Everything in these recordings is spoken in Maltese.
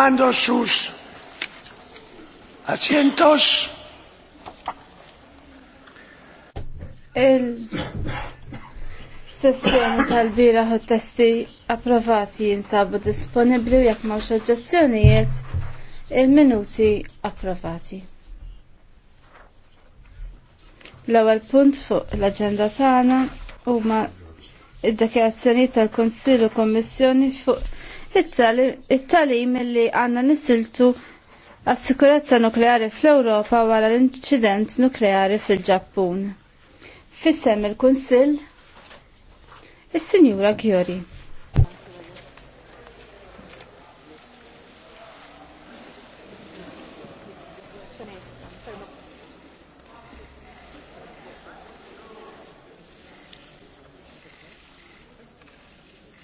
mando sus asientos. Il sessjoni tal-bira u testi approvati jinsabu disponibli u jekk mawx oġġezzjonijiet il-minuti approvati. L-ewwel punt fuq l-aġenda tagħna huma id-dekjarazzjoni tal u Kommissjoni fuq it-talim illi għanna nisiltu għas-sikurezza nukleari fl-Ewropa wara l-inċident nukleari fil-Ġappun. Fissem il-Kunsill, is-Sinjura Gjori.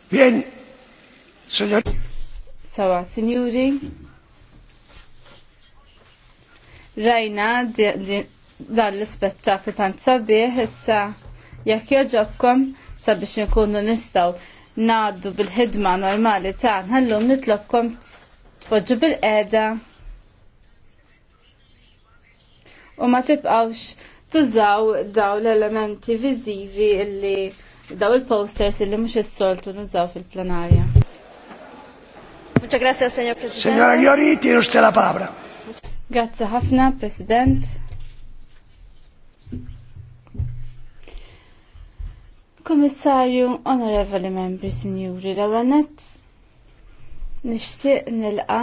Bien, Sawa, signori. Rajna dan l-ispettaklu tant sabiħ issa jekk joġobkom sabiex nkunu nistgħu ngħaddu bil-ħidma normali tagħna ħallum nitlobkom tpoġġu bil-qiegħda u ma tibqgħux tużaw daw l-elementi viżivi illi daw il-posters illi mhux is-soltu nużaw fil-plenarja. Muchas gracias, señor presidente. Señora Giori, tiene usted la palabra. Grazie Hafna, President. Komissarju, onorevoli membri, signori, l-għanet, nishtiq nilqa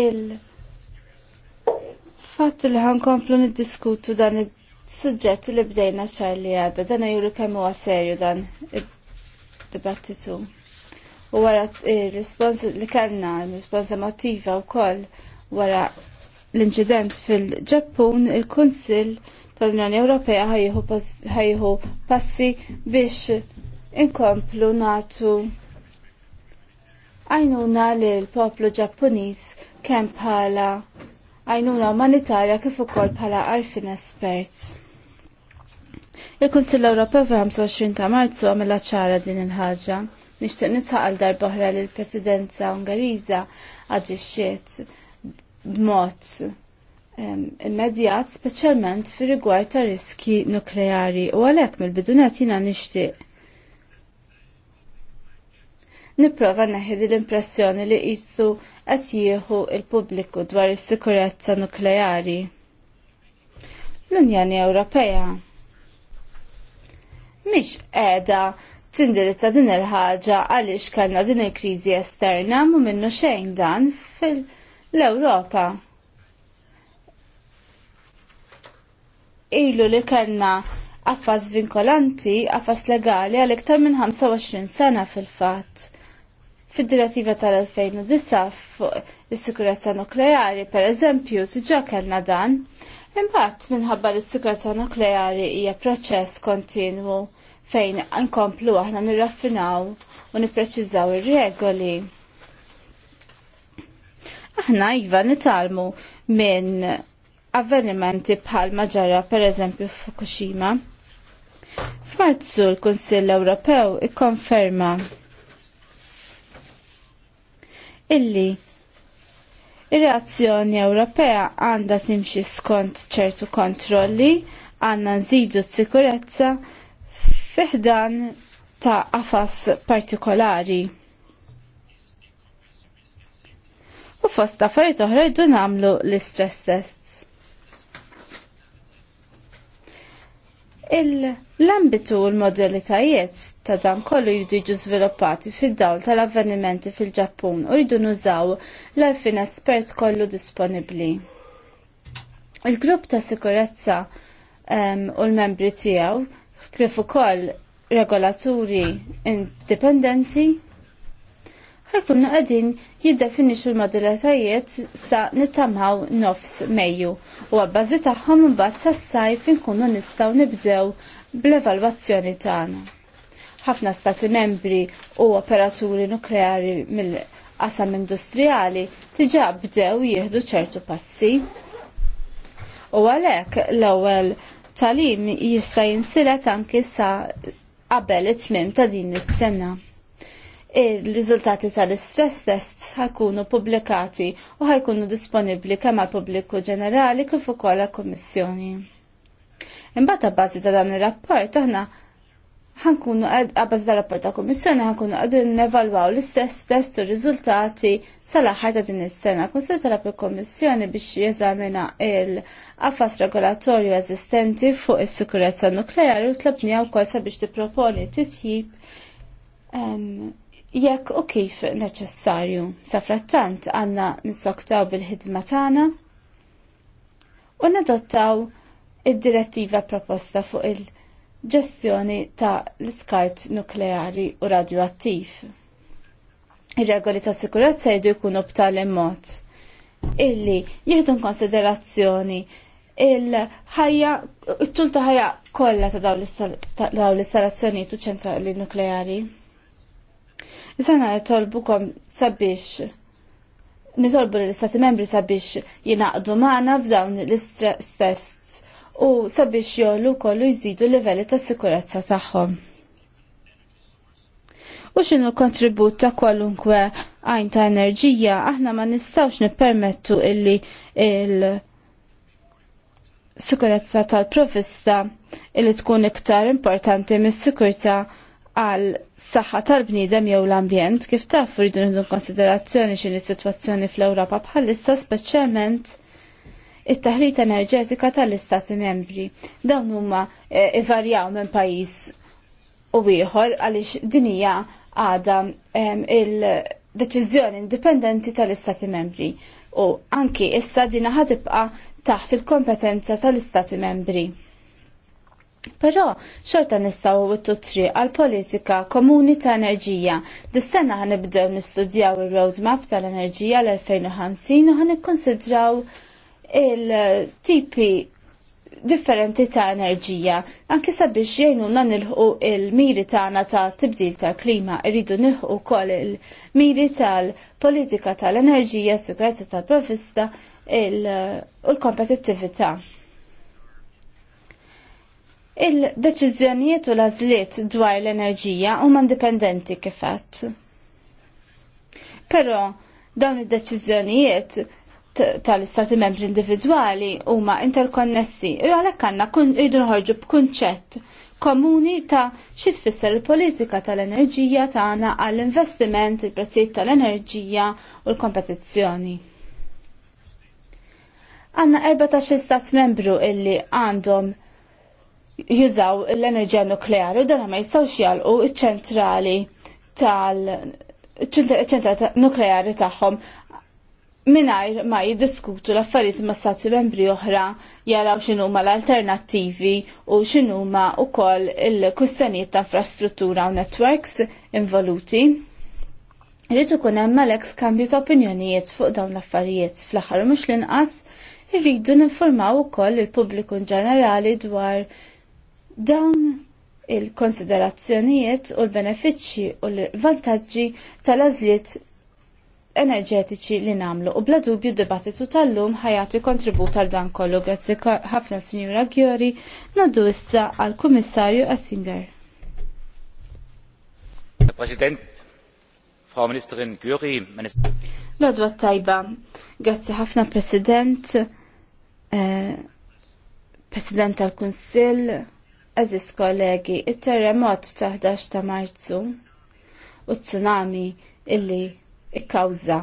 il- fatt li ħankomplu niddiskutu dan il-sujġett li bdejna xar li għadda, dan juru kemm huwa serju dan id-dibattitu u wara il responsa li kellna, il responsa mattiva u koll wara l-inċident fil-Ġappun, il konsil tal-Unjoni Ewropea ħajħu passi biex inkomplu natu għajnuna li l-poplu ġappuniż kemm bħala għajnuna umanitarja kif ukoll bħala għarfin espert. Il-Kunsill Ewropew fil 25 ta' Marzu għamela ċara din il-ħaġa. Nixtieq nisħaq għal darba oħra li l-Presidenza Ungariża aġixxiet b'mod immedjat speċjalment fir rigward ta' riski nukleari u għalhekk mill-bidunet jiena nixtieq nipprova neħed l-impressjoni li jissu qed jieħu il-pubbliku dwar is-sikurezza nukleari. L-Unjoni Ewropea mhix qiegħda tindirizza din il-ħaġa għaliex kellna din il-kriżi esterna mu minnu xejn dan fil-Ewropa. Ilu li kellna affas vinkolanti, affas legali għal iktar minn 25 sena fil-fatt. Fid-direttiva tal-2009 fuq is-sikurezza nukleari, per eżempju, tiġa kellna dan, Imbagħad minħabba li s-sikurezza nukleari hija proċess kontinwu fejn nkomplu aħna nirraffinaw u nippreċizzaw ir-regoli. Aħna iva nitalmu minn avvenimenti bħal maġara per eżempju Fukushima. F'Marzu l-Kunsill Ewropew ikkonferma illi Ir-reazzjoni Ewropea għandha timxi skont ċertu kontrolli, għandna nżidu s-sikurezza fiħdan ta' qafas partikolari. U fost ta' fajt oħra jiddu nagħmlu l-istress tests. L-ambitu u l-modalitajiet ta' dan kollu jiddu jiġu żviluppati fid-dawl tal-avvenimenti fil-Ġappun u jridu nużaw l-arfin espert kollu disponibbli. Il-grupp ta' sikurezza u l-membri tiegħu kif ukoll regolaturi indipendenti ħajkunna qegħdin jiddefinixxu l-modulatajiet sa nitamħaw nofs Mejju u għabbażi tagħhom imbagħad sas-sajf inkunu nistgħu nibdew bl-evalwazzjoni tagħna. Ħafna stati membri u operaturi nukleari mill-qasam industrijali tiġa bdew jieħdu ċertu passi. U għalhekk l-ewwel talim jista' jinsiret anki sa qabel it-tmim ta' din is-sena. Il-riżultati tal-istress test ħajkunu pubblikati u ħajkunu disponibbli kemm għal pubbliku ġenerali kif ukoll għal kummissjoni. Imbagħad bażi ta' dan ir-rapport aħna ħankunu għabaz da rapport ta' kommissjoni ħankunu għadin nevalwaw l-istess test u rizultati sal-aħħar ta' din is-sena. Kun se talab il-kommissjoni biex jeżamina il affas regolatorju eżistenti fuq is-sikurezza nukleari u tlabnija wkoll sabiex tipproponi tisjib jekk u kif neċessarju. Safrattant għanna għandna nissoktaw bil-ħidma tagħna u nadottaw id-direttiva proposta fuq il- ġestjoni ta' l-iskart nukleari u radioattiv. Ir-regoli ta' sikurezza jdu jkunu b'tali mod illi jieħdu konsiderazzjoni il-ħajja, t tul ta' ħajja kollha ta' dawn l installazzjoni tu ċentrali nukleari. Isana kom sabiex nitolbu l-istati membri sabiex jinaqdu maħna f'dawn l-istess u sabiex jollu kollu jżidu livelli ta' sikurezza tagħhom. U xinu kontribut ta' kwalunkwe għajn ta' enerġija, aħna ma nistawx nippermettu illi il-sikurezza tal-provista illi tkun iktar importanti mis-sikurta għal saħħa tal-bniedem jew l-ambjent kif taf rridu nħidu konsiderazzjoni x'inhi sitwazzjoni fl-Ewropa bħalissa speċjalment it-taħlit enerġetika tal-istati membri. Dawn huma e, ivarjaw minn pajjiż u ieħor għaliex din hija għada il-deċiżjoni indipendenti tal-istati membri u anki issa dina ħadibqa' taħt il-kompetenza tal-istati membri. Però xorta nistaw wittu tri għal-politika komuni ta' enerġija. Dis-sena ħanibdew nistudjaw il-roadmap tal-enerġija l-2050 u ħanikkonsidraw konsidraw il-tipi differenti ta' enerġija, anke sabiex jenu nilħu il-miri tagħna ta' tibdil ta' klima, irridu nilħu kol il-miri tal-politika tal-enerġija, s-sigurezza tal profista u l-kompetittività. Il-deċiżjonijiet u l dwar l-enerġija huma indipendenti kif kifat. Però dawn id-deċiżjonijiet tal-istati membri individuali huma interkonnessi. U għalhekk għandna jridu nħorġu b'kunċett komuni ta' xi tfisser il-politika tal-enerġija tagħna għall-investiment, il-prezzijiet tal-enerġija u l-kompetizzjoni. Għanna 14 stat membru illi għandhom jużaw l-enerġija nukleari u dan ma jistgħux jalqu iċ-ċentrali tal ċentrali nukleari tagħhom Minajr ma jiddiskutu l-affarijiet ma' stati membri oħra jaraw x'inhu ma l-alternattivi u x'inhu ma wkoll il-kwistjonijiet ta' infrastruttura u networks involuti. Rrid ikun hemm għalhekk skambju ta' opinjonijiet fuq dawn l-affarijiet fl-aħħar mhux l-inqas irridu ninformaw ukoll il-pubbliku ġenerali dwar dawn il-konsiderazzjonijiet u l-benefiċċji u l-vantaġġi tal-għażliet enerġetiċi li namlu u bla dubju dibattitu tal-lum ħajati kontribut għal dan kollu grazzi ħafna Sinjura Gjori naddu issa għal Kummissarju Oettinger. President, Frau Ministerin Gjori, Lodwa tajba, grazzi ħafna President, eh, President tal-Kunsill, Aziz kollegi, il-terremot ta' 11 ta' Marzu u tsunami illi ikkawza.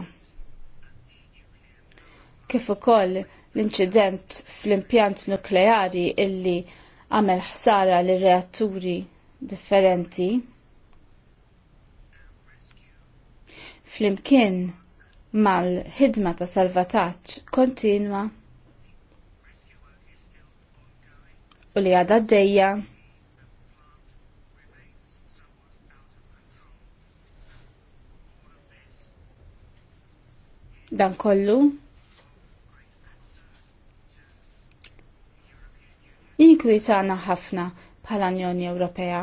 Kif ukoll l-inċident fl-impjant nukleari illi għamel ħsara l reatturi differenti. Flimkien mal-ħidma ta' salvataċ kontinwa u li għadha d dan kollu. Jinkwitana ħafna bħala Unjoni Ewropea.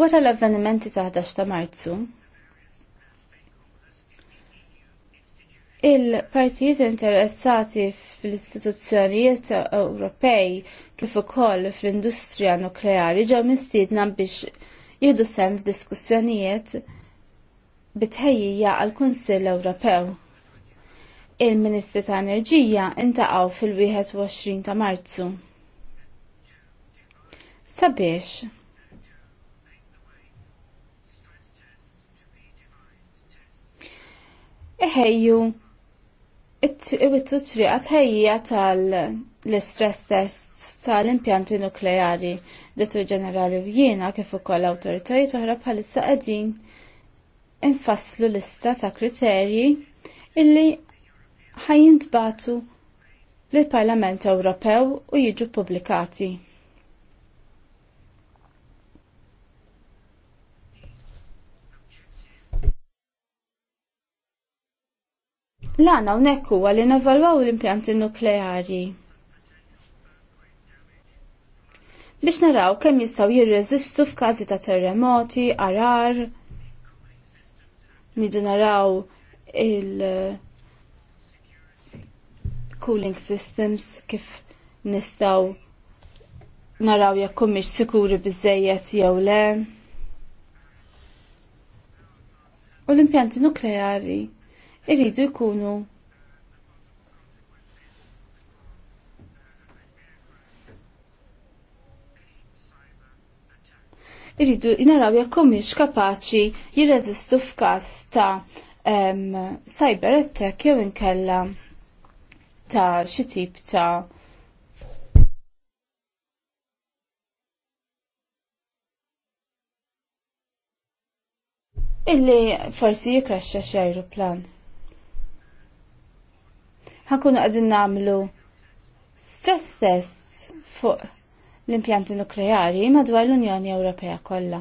Wara l-avvenimenti ta' 11 ta' Marzu, il-partijiet interessati fl-istituzzjonijiet Ewropej kif ukoll fl-industrija nukleari ġew mistiedna biex jieħdu sem f'diskussjonijiet bitħejjija għal kunsill Ewropew. Il-Ministri ta' Enerġija intaqgħu fil-21 ta' Marzu. Sabiex, iħejju it-wittu triqa tħejja tal-stress test tal-impjanti nukleari li tu ġenerali u jiena kif ukoll awtoritajiet oħra bħalissa qegħdin infasslu lista ta' kriterji illi ħajintbatu lill-Parlament Ewropew u jiġu pubblikati. L-għana unnek huwa li navalwaw l-impjanti nukleari. Biex naraw kemm jistgħu jirreżistu f'każi ta' terremoti, arar, nidu naraw il- uh, cooling systems kif nistaw naraw jekk mhix sikuri biżejjed jew le. U l-impjanti nukleari irridu jkunu irridu naraw jekk humiex kapaċi jirreżistu f'każ ta' um, cyber attack jew inkella ta' xi tip ta' illi forsi jikraxxa xi ajruplan. Ħakunu qegħdin nagħmlu stress tests fuq l-impjanti nukleari madwar l-Unjoni Ewropea kollha.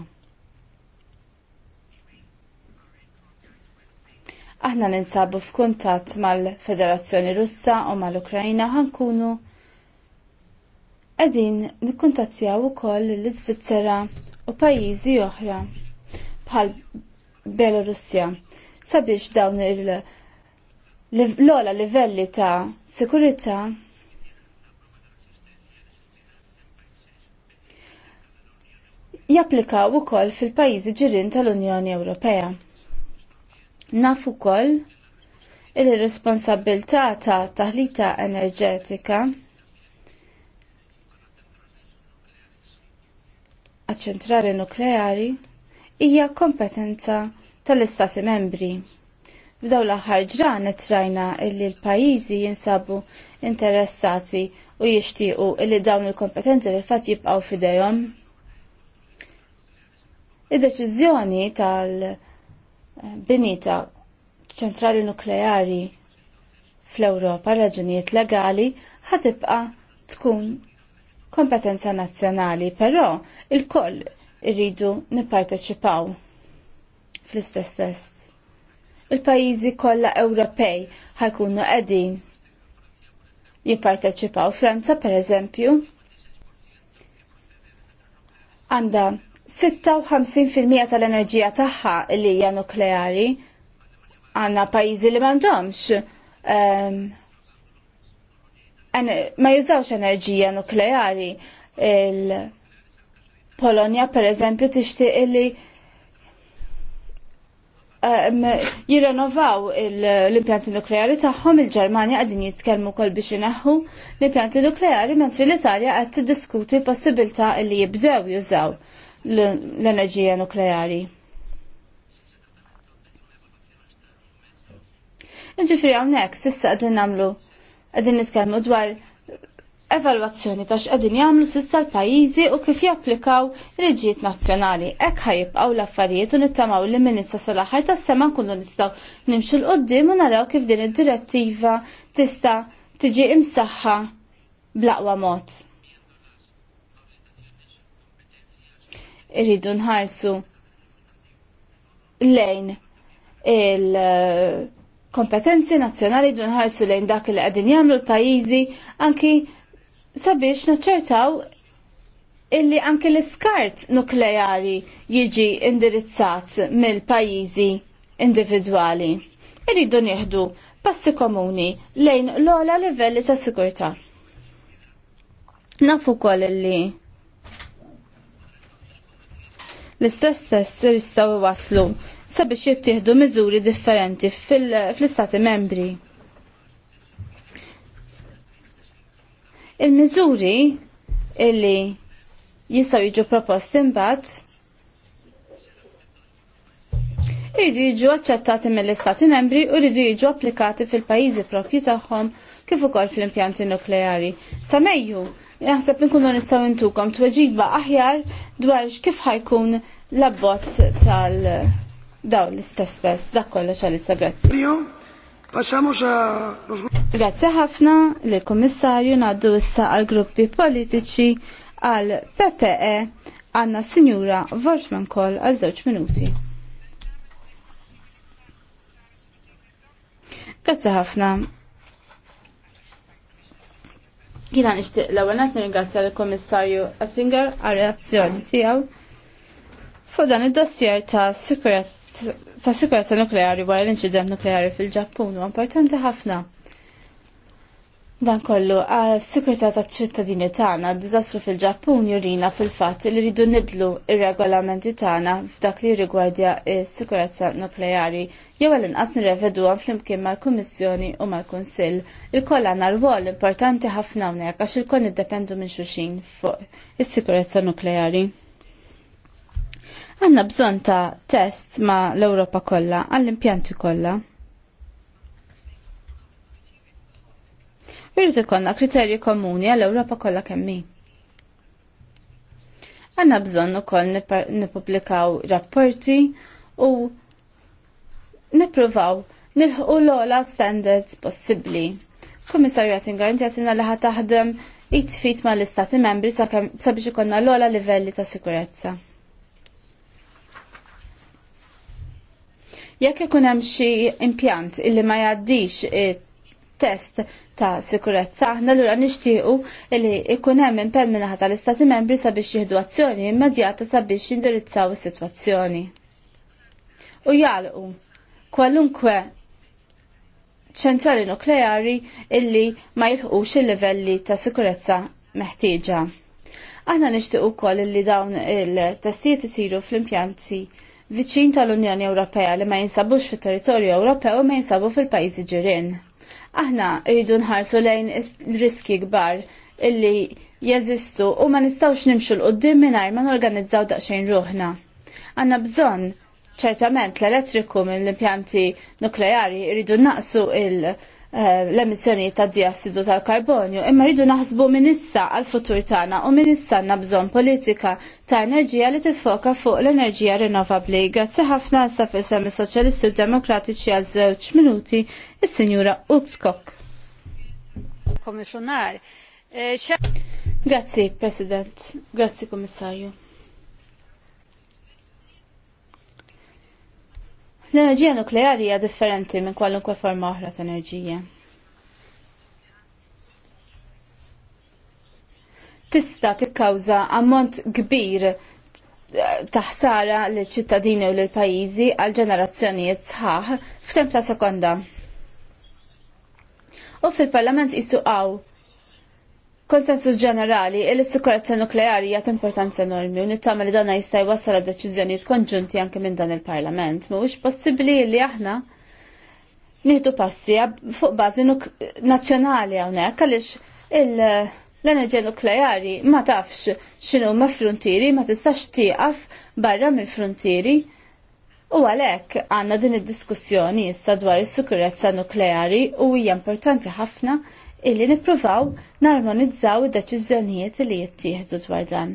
Aħna ninsabu f'kuntatt mal-Federazzjoni Russa u mal-Ukrajna ħankunu qegħdin nikkuntattjaw ukoll l-Iżvizzera u pajjiżi oħra bħal Belorussja sabiex dawn l-ola livelli ta' sikurità japplikaw ukoll fil-pajjiżi ġirien tal-Unjoni Ewropea. Naf ukoll il-responsabilità ta' taħlita enerġetika għaċ-ċentrali nukleari hija kompetenza tal-Istati membri. F'daw l-aħħar ġranet rajna illi l-pajjiżi jinsabu interessati u jixtiequ illi dawn il-kompetenzi fil-fatt jibqgħu fidejhom. Id-deċiżjoni tal-bini eh, ta' ċentrali nukleari fl-Ewropa raġunijiet legali ħatibqa tkun kompetenza nazzjonali, però il-koll irridu nipparteċipaw fl istess test. Il-pajizi kollha Ewropej ħajkunu qegħdin jipparteċipaw. Franza, per eżempju, għanda 56% tal-enerġija tagħha li hija nukleari għandna pajjiżi li m'għandhomx um, ma jużawx enerġija nukleari il-Polonja per eżempju tixtieq li um, ehm, jirrenovaw l-impjanti nukleari tagħhom il-Ġermanja qegħdin jitkellmu wkoll biex ineħħu l-impjanti nukleari mentri l-Italja qed tiddiskuti possibilità li jibdew jużaw l-enerġija nukleari. Nġifri għamnek, sissa għadin namlu, għadin niskalmu dwar evalwazzjoni ta' x'qegħdin jagħmlu sissa l-pajjiżi u kif japplikaw il-ġiet nazzjonali. Hekk ħajibqgħu l-affarijiet u nittamaw li minn issa sal-aħħar tas-sema nkunu nistgħu nimxu l-qudiem u naraw kif din id-direttiva tista' tiġi imsaħħa blaqwa mod. irridu nħarsu lejn il-kompetenzi nazzjonali dun ħarsu lejn dak li għadin jamlu l-pajizi anki sabiex naċċertaw illi anki l-iskart nukleari jiġi indirizzat mill-pajizi individuali. Irridu nieħdu passi komuni lejn l-ola livelli ta' sigurta. Nafu kol illi l-istess test jistgħu waslu sabiex jittieħdu miżuri differenti fl-istati membri. Il-miżuri illi jistgħu jiġu proposti imbagħad iridu jiġu aċċettati mill-istati membri u jridu jiġu applikati fil-pajjiżi proprji tagħhom kif ukoll fl-impjanti nukleari. Sa Mejju Naħseb nkunu nistgħu intukom tweġiba aħjar dwar kif ħajkun l-abbozz tal dawn l-istess test, dak kollox għalissa grazzi. Grazzi ħafna li kummissarju naddu issa għal gruppi politiċi għal PPE għanna Sinjura Vortman Koll għal żewġ minuti. Grazzi ħafna, Jina nishtiq l-ewwel qed nirringrazzja l-Kummissarju Attinger għal reazzjoni tiegħu fuq dan id-dossier ta' sikurezza nukleari wara l-inċident nukleari fil-Ġappun u importanti ħafna Dan kollu, għas sikurta taċ-ċittadini tagħna, d-diżastru fil-Ġappun jurina fil-fatt li rridu niblu ir-regolamenti tagħna f'dak li rigwardja s-sikurezza nukleari jew għal inqas nirrevedu flimkien mal-Kummissjoni u mal-Kunsill. il kolla għandna importanti ħafna hawnhekk għax il-koll niddependu minn xuxin fuq is-sikurezza nukleari. Għandna bżonn ta' test ma' l-Ewropa kollha għall-impjanti kollha. Irrid ikollna kriterji komuni għall Ewropa kollha kemmi. Għanna bżonn ukoll nippubblikaw rapporti u nippruvaw nilħu l-ola standards possibbli. Komissarju Rattinger, inti li li taħdem it-tfit ma l-istati membri sabiex ikonna l-ola livelli ta' sikurezza. Jekk ikun hemm xi impjant illi ma jgħaddix test ta' sikurezza. Aħna l-ura nishtiqu li ikun hemm impenn minnaħat tal-Istati membri sabiex jieħdu azzjoni immedjata sabiex jindirizzaw is-sitwazzjoni. U jalqu kwalunkwe ċentrali nukleari illi ma jilħqux il-livelli ta' sikurezza meħtieġa. Aħna nixtiequ ukoll illi dawn il-testijiet isiru fl-impjanti viċin tal-Unjoni Ewropea li ma jinsabux fit-territorju Ewropew u ma jinsabu fil-pajjiżi ġirien. Aħna rridu nħarsu lejn riski kbar illi jeżistu u ma nistawx nimxu l-qoddim mingħajr ma norganizzaw daqsxejn ruħna. Għanna bżonn ċertament l-elettriku mill-impjanti nukleari rridu naqsu il- Eh, l-emissjoni ta' diossidu tal-karbonju, imma rridu naħsbu minn issa għal futur tagħna u minn issa għandna bżonn politika ta' enerġija li tiffoka fuq l-enerġija rinnovabbli. Grazzi ħafna issa f'isem is-Soċjalisti Demokratiċi għal żewġ minuti is-Sinjura Utskok. Komissjonar. Eh, Grazzi, President. Grazzi, Kummissarju. L-enerġija nukleari hija differenti minn kwalunkwe forma oħra ta' enerġija. Tista' tikkawża ammont kbir taħsara l ċittadini u l pajjiżi għal ġenerazzjonijiet sħaħ f'temp ta' sekonda. U fil-Parlament isuqaw konsensus ġenerali il sikurezza nukleari jgħat importanza enormi u nittama li dana jista' jwassal deċiżjonijiet konġunti anke minn dan il-Parlament. Mhuwiex possibbli li aħna nieħdu passi fuq bażi nazzjonali hawnhekk għaliex l-enerġija nukleari ma tafx x'inhu ma' frontieri ma tistax tieqaf barra mill-frontieri. U għalhekk għandna din id-diskussjoni issa dwar is-sikurezza nukleari u hija importanti ħafna illi nippruvaw narmonizzaw id-deċiżjonijiet li jittieħdu dwar dan.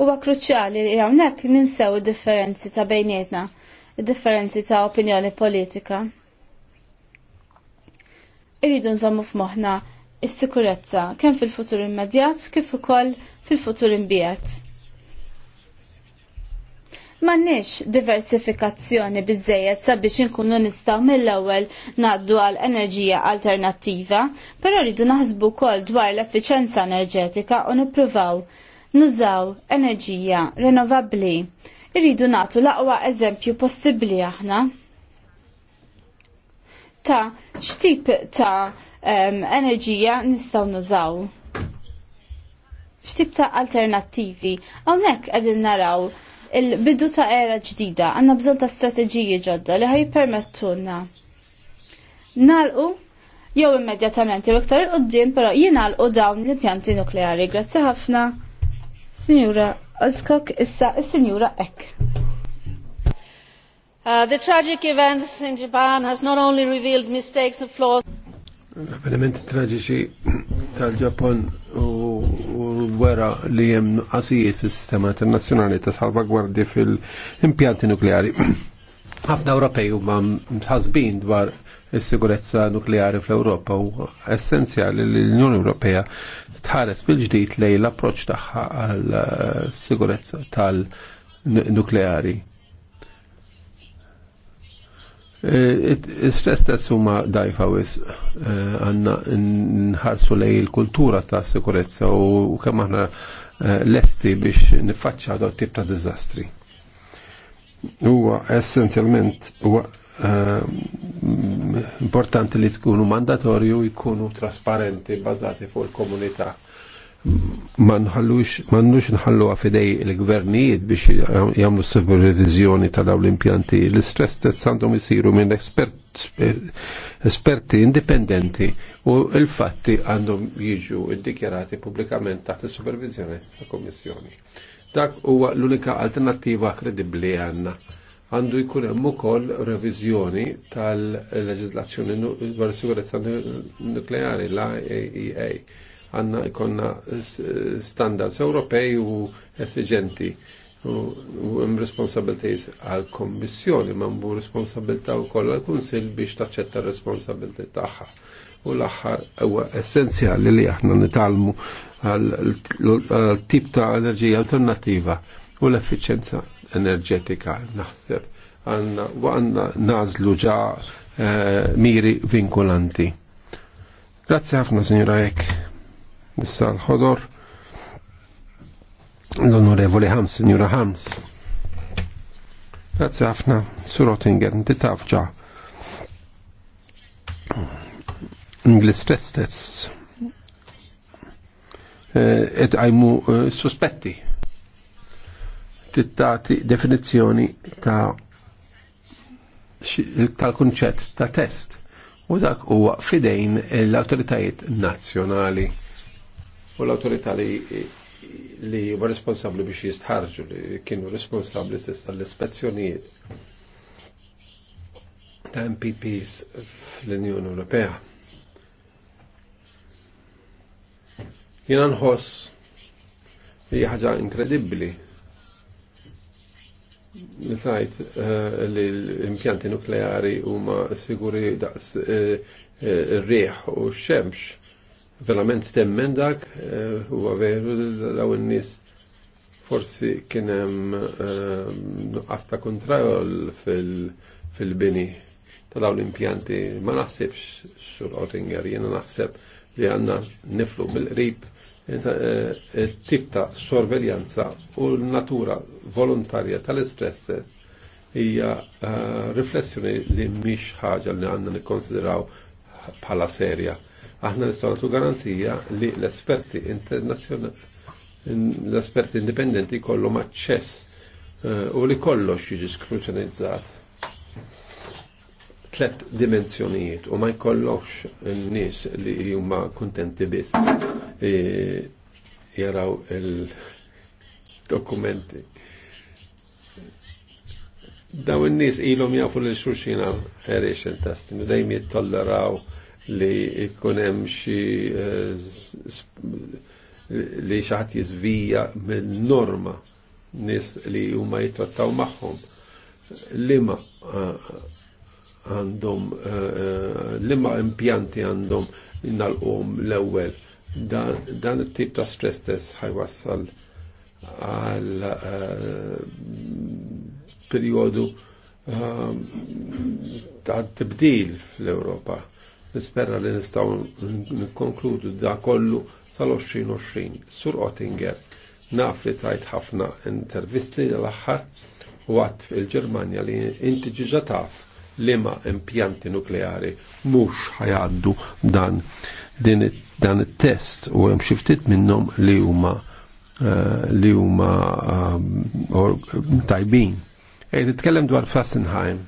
Huwa kruċjali li hawnhekk ninsew id-differenzi ta' bejnietna, id-differenzi ta' opinjoni politika. Irridu nżommu f'moħħna is-sikurezza kemm fil-futur immedjat kif ukoll fil-futur imbiegħat M'għandniex diversifikazzjoni biżejjed sabiex inkunu nistgħu mill-ewwel naddu għal enerġija alternattiva, però rridu naħsbu wkoll dwar l-effiċenza enerġetika u nippruvaw nużaw enerġija rinnovabbli. Irridu nagħtu l-aqwa eżempju possibbli aħna ta' x'tip ta' um, enerġija nistgħu nużaw. X'tip ta' alternattivi hawnhekk qegħdin naraw il-bidu ta' era ġdida, għanna bżon ta' strateġiji ġodda li ħaj permettuna. Nalqu jew immedjatament jew iktar il-qoddim, però jingħalqu dawn l-impjanti nukleari. Grazzi ħafna. Signora Oskok, issa signora sinjura Ek. Uh, the tragic events in Japan has not only revealed mistakes and flaws l traġiċi tal-Ġapon u l-gwerra li jem nuqqasijiet fil-sistema internazjonali ta' salvagwardi fil-impjanti nukleari. Ħafna Ewropej huma mħasbin dwar is-sigurezza nukleari fl-Ewropa u essenzjali li l-Unjoni Ewropea tħares bil-ġdid lej l-approċċ tagħha għal eh, sigurezza tal-nukleari Is-stress test huma dajfa wis eh, għandna nħarsu lej il-kultura ta' sikurezza u kemm aħna eh, lesti biex niffaċċa daw tip ta' diżastri. Huwa essenzjalment huwa eh, importanti li tkunu mandatorju jkunu trasparenti bażati fuq il-komunità ma nħallux nħallu għafidej il gvernijiet biex jamlu supervizjoni tal-impjanti. L-stress t għandhom jisiru minn esperti indipendenti u il fatti għandhom jiġu id-dikjarati publikament taħt il-supervizjoni ta' komissjoni. Dak huwa l-unika alternativa kredibli għanna għandu jkun hemm ukoll reviżjoni tal-leġiżlazzjoni dwar sigurezza nukleari l-IAEA għanna ikonna standards Ewropej u esigenti u responsabiltis għal kommissjoni ma mbu responsabilta u koll għal kunsil biex taċċetta responsabilti taħħa u l-axħar huwa essenzjali li aħna nitalmu għal tip ta' enerġija alternativa u l-effiċenza enerġetika naħseb għanna u għanna nazlu ġa eh, miri vinkolanti. Grazie ħafna, signora Ek. Issa l-ħodor l-onorevoli Hams, signora Hams. Grazie ħafna, Sur Rottinger, inti ġa. Inglis stress tests. Eh, et għajmu eh, suspetti. Tittati definizjoni ta' tal-kunċett ta' test. U dak huwa fidejn l-autoritajiet nazzjonali u l-autorità li li huwa responsabbli biex jistħarġu li kienu responsabbli stess tal-ispezzjonijiet ta' MPPs fl-Unjoni Ewropea. Jiena nħoss li ħaġa inkredibbli li tajt eh, li l-impjanti nukleari huma siguri daqs ir-rieħ eh, eh, u x-xemx verament temmen dak, eh, u għaveru daw n-nis forsi kienem għasta eh, ta' kontrol fil-bini tal-għaw l-impjanti, ma naħsibx xur Ottinger, jena naħseb li għanna niflu mill-qrib eh, tip ta' sorveljanza u l-natura volontarja tal-istress hija riflessjoni li mhix ħaġa li għandna nikkonsidraw bħala serja aħna nistgħu garanzija li l-esperti internazjonali, l-esperti indipendenti kollu aċċess eh, u li kollox jiġi skrutinizzat tlet dimensjonijiet u ma jkollokx n-nies li huma kuntenti biss jaraw il-dokumenti daw n-nis ilom jafu l-xurxina il-testin, dajmi jittolleraw li ikkunem xi eh, li xaħat jizvija minn norma nis li huma jitrattaw magħhom. Lima eh, għandhom eh, lima impjanti għandhom nalqom l-ewwel. Dan it-tip ta' stress test ħajwassal għal periodu ta' tibdil fl europa Nispera li nistaw nikonkludu da kollu sal-2020. Sur Ottinger, naf li tajt ħafna intervisti l-axħar u għat fil ġermania li inti ġiġa taf li ma impjanti nukleari mux ħajaddu dan dan it-test u hemm xi ftit minnhom li huma eh, li huma eh, tajbin. Ej, nitkellem dwar Fassenheim.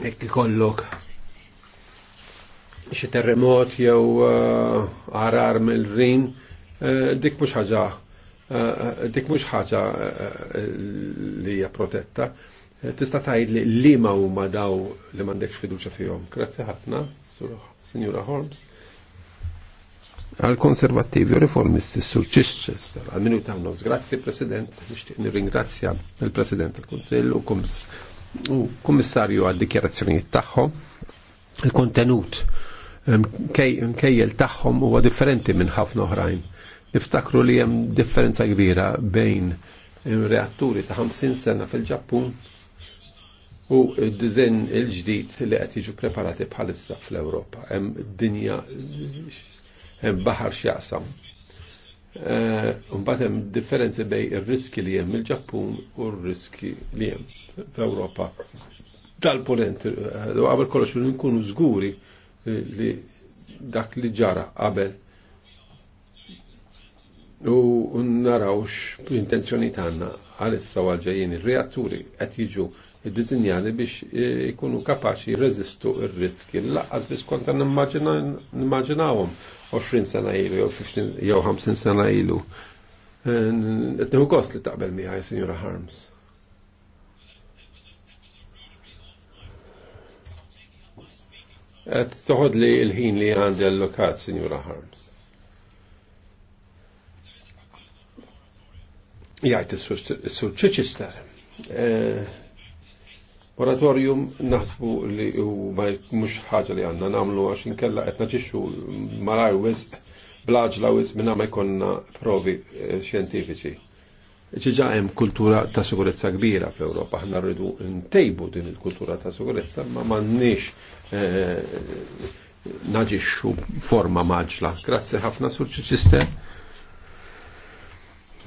Jekk ikollok xi terremot jew uh, arar mill-rin, uh, dik mhux ħaġa uh, dik mhux ħaġa li hija protetta. Tista' tgħid li liema huma daw li m'għandekx fiduċja fihom. Grazzi ħafna, Signora Holmes. Għal konservativi u riformisti sul ċisċester, għal minu ta' grazzi President, nishtiq nirringrazzja il-President tal-Konsellu u u kummissarju għad dikjerazzjoni tagħhom. Il-kontenut kejjel tagħhom huwa differenti minn ħafna oħrajn. Niftakru li hemm differenza kbira bejn reatturi ta' 50 sena fil-Ġappun u d-dizen il-ġdid li qed jiġu preparati bħalissa fl-Ewropa. Hemm dinja hemm baħar x'jaqsam Mbagħad eh, hemm differenzi bejn ir-riski li hemm il-Ġappun u r-riski li hemm fl-Ewropa. Tal-polent, qabel eh, kollox nkunu żguri eh, li dak li ġara qabel u narawx l-intenzjoni tagħna għalissa għalġejjin ir-reatturi qed jiġu id-dizinjani biex e, ikunu kapaxi jirreżistu ir-riski. Laqqas biex konta n nimmaġinawhom 20 sena ilu jew 15 jew 50 sena ilu. Etnew kost li taqbel miħaj, Signora Harms. Et toħod li il-ħin li għandi allokat, Signora Harms. Jgħajt il-sur ċiċister Moratorium naħsbu li u mux ħaġa li għanna namlu għax inkella qed naġixxu malaj wisq blaġla wisq minna ma jkollna provi eh, xjentifiċi. Ġiġa hemm kultura ta' sigurezza kbira fl europa aħna rridu ntejbu din il-kultura ta' sigurezza, ma m'għandniex eh, naġixxu forma maġla. Grazzi ħafna sur Ċiċister.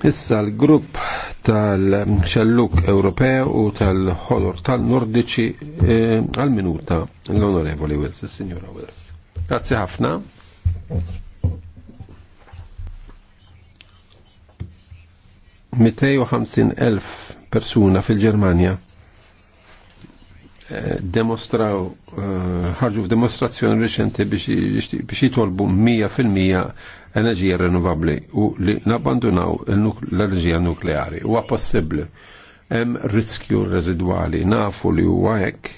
Issa l-grupp tal-xelluk Ewropew u tal-ħolor tal-Nordiċi eh, għal-minuta l-Onorevoli Wills, il-Signora Wills. Grazie ħafna. elf persuna fil-Germania eh, demostraw, eh, ħarġu f'demostrazzjoni reċenti biex jitolbu 100% enerġija rinnovabbli u li nabbandunaw l-enerġija nukleari huwa possibbli. Hemm riskju residwali nafu li huwa hekk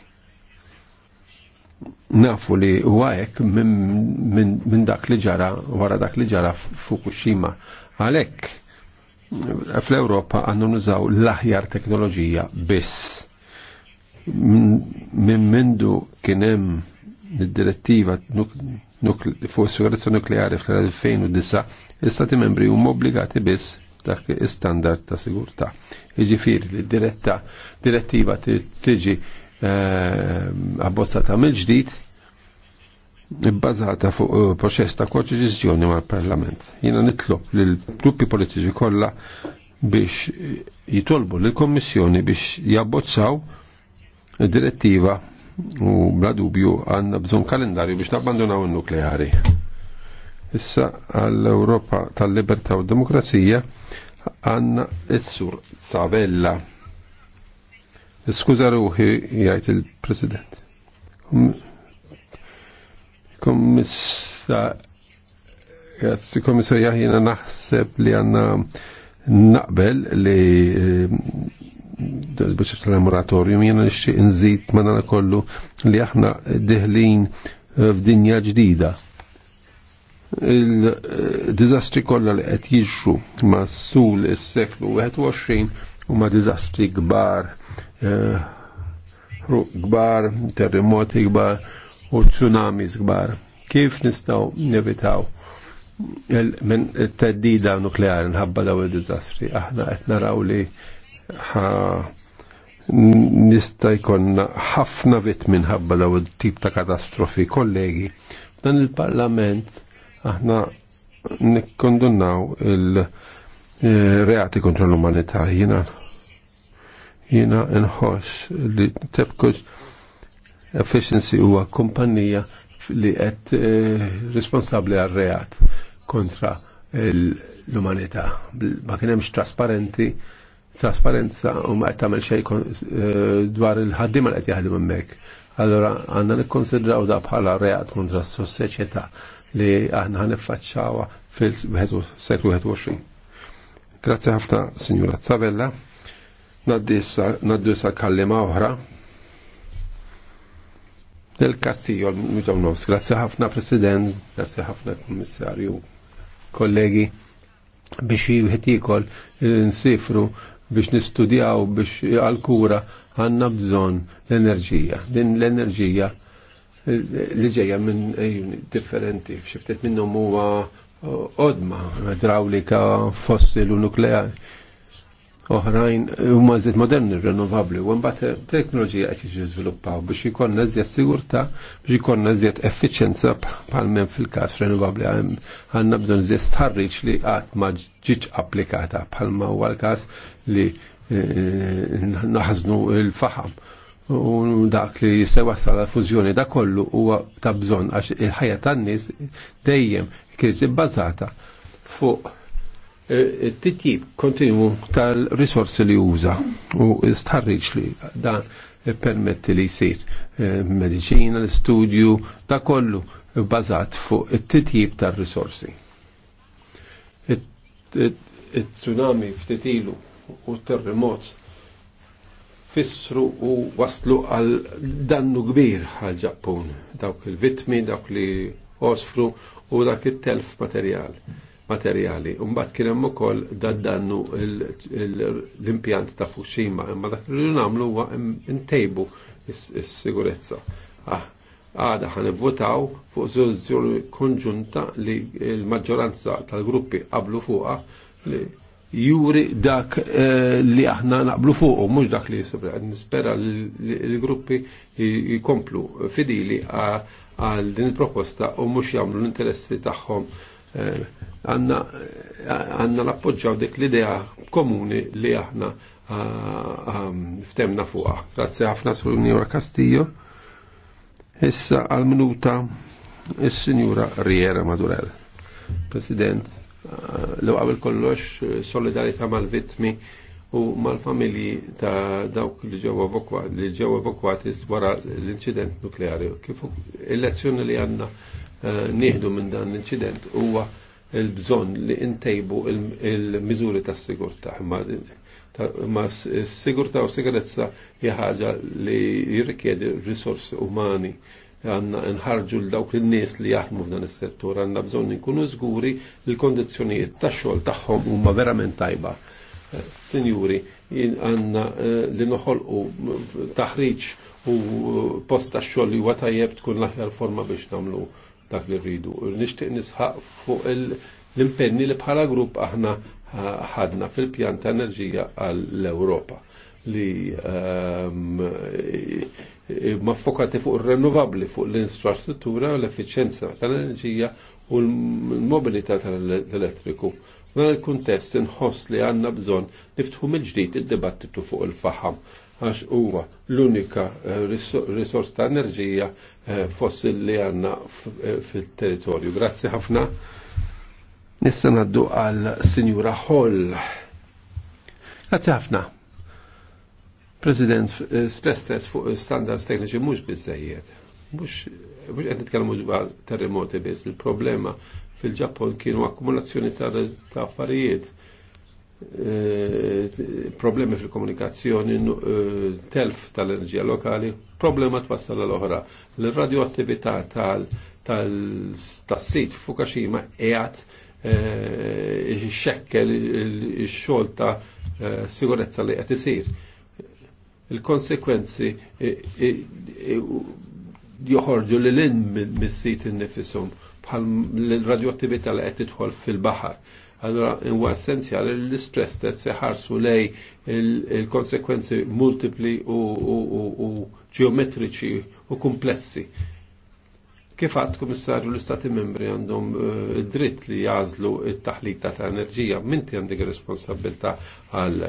nafu li huwa hekk minn dak li ġara wara dak li ġara Fukushima. Għalhekk fl-Ewropa għandu nużaw l-aħjar teknoloġija biss. Minn mindu kien hemm id-direttiva fuq sigurezza nukleari fl-2009 l-Istati membri huma obbligati biss dak standard ta' sigurtà. Jiġifieri li diretta direttiva tiġi eh, abbozzata mill-ġdid bbażata fuq eh, proċess ta' koċiżjoni mal-Parlament. Jiena nitlob lill gruppi politiċi kollha biex jitolbu lill kommissjoni biex jabbozzaw direttiva u bla dubju għanna bżon kalendarju biex nabbandunaw il-nukleari. Issa għall-Europa tal liberta u Demokrazija għanna il-sur Savella. Skuza ruħi jgħajt il-President. Kommissa Komissarja jena naħseb li għanna naqbel li eh, biex tal-moratorium jena nixtieq nżid ma kollu li aħna deħlin eh, f'dinja ġdida. Il-dizastri kollha li qed jixxu ma' sul is-seklu 21 huma dizastri kbar eh, kbar, terremoti kbar u tsunamis kbar. Kif nistgħu nevitaw? minn teddida nukleari nħabba daw il-dizastri. Aħna qed naraw li nista' jkollna ħafna vitt minħabba daw tip ta' katastrofi kollegi. Dan il-Parlament aħna nikkondunnaw il-reati eh, kontra l-umanità jiena jiena nħoss li tebkus efficiency huwa kumpanija li qed eh, responsabbli għal-reat kontra l-umanità. Ma kien hemmx trasparenti trasparenza u ma tagħmel xejn eh, dwar il-ħaddiema li qed jaħdem hemmhekk. Allora għandna nikkonsidraw da bħala reat kontra s-soċjetà li aħna ħanifaċċawha fil-seklu 21. Grazzi ħafna, Sinjura Zabella. Naddu issa kallima oħra. Del Castillo, Mitonovs, Grazzi ħafna President, Grazzi ħafna Kommissarju, kollegi, biex jħetikol eh, nsifru biex nistudjaw biex għal-kura għanna bżon l-enerġija. Din l-enerġija eh, li ġeja minn eh, differenti, xiftet minnu huwa eh, odma, idraulika, fossil u nukleari oħrajn huma żied moderni rinnovabbli u mbagħad teknoloġija qed jiġi żviluppaw biex ikollna żjed sigurtà, biex ikollna żjed effiċjenza bħal minn fil-każ rinnovabbli għandna bżonn żjed stħarriġ li qatt ma ġiġ applikata bħalma huwa l-każ li e, naħżnu l-faħam u dak li jista' wassal għal fużjoni da kollu huwa ta' bżonn għax il-ħajja tan-nies dejjem kienet bbażata fuq E, e, titjib kontinu tal-risorsi li uża u istħarriċ li dan permetti li jisir e, medicina, l-studju, da kollu bazat fuq it-titjib tal-risorsi. It-tsunami ftitilu u terremot fissru u waslu għal dannu kbir għal ġappun, dawk il-vitmi, dawk li osfru u dak it-telf materjali materjali. Umbat kien hemm ukoll daddannu l-impjant ta' Fukushima, imma dak li nagħmlu huwa ntejbu s-sigurezza. Ah, għada ħan votaw fuq soluzzjoni konġunta li l-maġġoranza tal-gruppi qablu fuqa li juri dak eh, li aħna naqblu fuq u mhux dak li jisibra. Nispera li l-gruppi jkomplu fidili għal din il-proposta u mhux jagħmlu l-interessi tagħhom għanna l-appoġġaw dik l-idea komuni li aħna ftemna fuqa. Grazie ħafna sul-Unjura Castillo. Issa għal-minuta il-Sinjura Riera Madurell. President, l għabel kollox solidarita mal-vitmi u mal-familji ta' dawk li ġew evakwati wara l-inċident nukleari. Kif il-lezzjoni li għanna Eh, nieħdu minn dan l-inċident huwa l-bżonn li ntejbu il-miżuri tas-sigurtà. Ma s-sigurtà u sigurezza hija ħaġa li jirrikjedi risorsi umani għanna nħarġu l-dawk il nies li jaħdmu f'dan is-settur, għanna bżonn nkunu żguri l-kondizzjonijiet tax-xogħol tagħhom huma verament tajba. Eh, sinjuri, għanna eh, li noħolqu taħriġ u post tax-xogħol li huwa tajjeb tkun l-aħjar forma biex nagħmluh dak li rridu. Nixtieq nisħaq fuq l-impenni li bħala grupp aħna ħadna fil-pjan ta' enerġija għall-Ewropa li ehm, ma fokati fuq il-renovabli, fuq l-infrastruttura, l-efficienza tal-enerġija u l-mobilità tal-elettriku. Dan il-kuntest inħoss li għanna bżon niftħu mill-ġdid id-dibattitu fuq il-faħam għax huwa l-unika eh, risorsa ta' enerġija Eh, fossil li għanna eh, fil-territorju. Grazzi ħafna. Nissa naddu għal Sinjura Hall. Grazzi ħafna. President, eh, stress test fuq standards tekniċi mhux bizzejiet. Mhux qed nitkellmu dwar terremoti biss. Il-problema fil-Ġappon kienu akkumulazzjoni ta' affarijiet Eh, problemi fil-komunikazzjoni, eh, telf tal-enerġija lokali, problema twassal l-oħra. L-radioattività tal-sit Fukushima qiegħed eh, xekkel il-xogħol ta' sigurezza li qed isir. Il-konsekwenzi joħorġu lil in mis-sit innifishom bħal l-radioattività li qed tidħol fil-baħar Allora, huwa essenzjali li l-istress test seħarsu lej il-konsekwenzi multipli u ġeometriċi u komplessi. Kif għad komissarju l-Istati membri għandhom eh, dritt li jazlu il-taħlita ta' enerġija, minti għandek responsabilta għal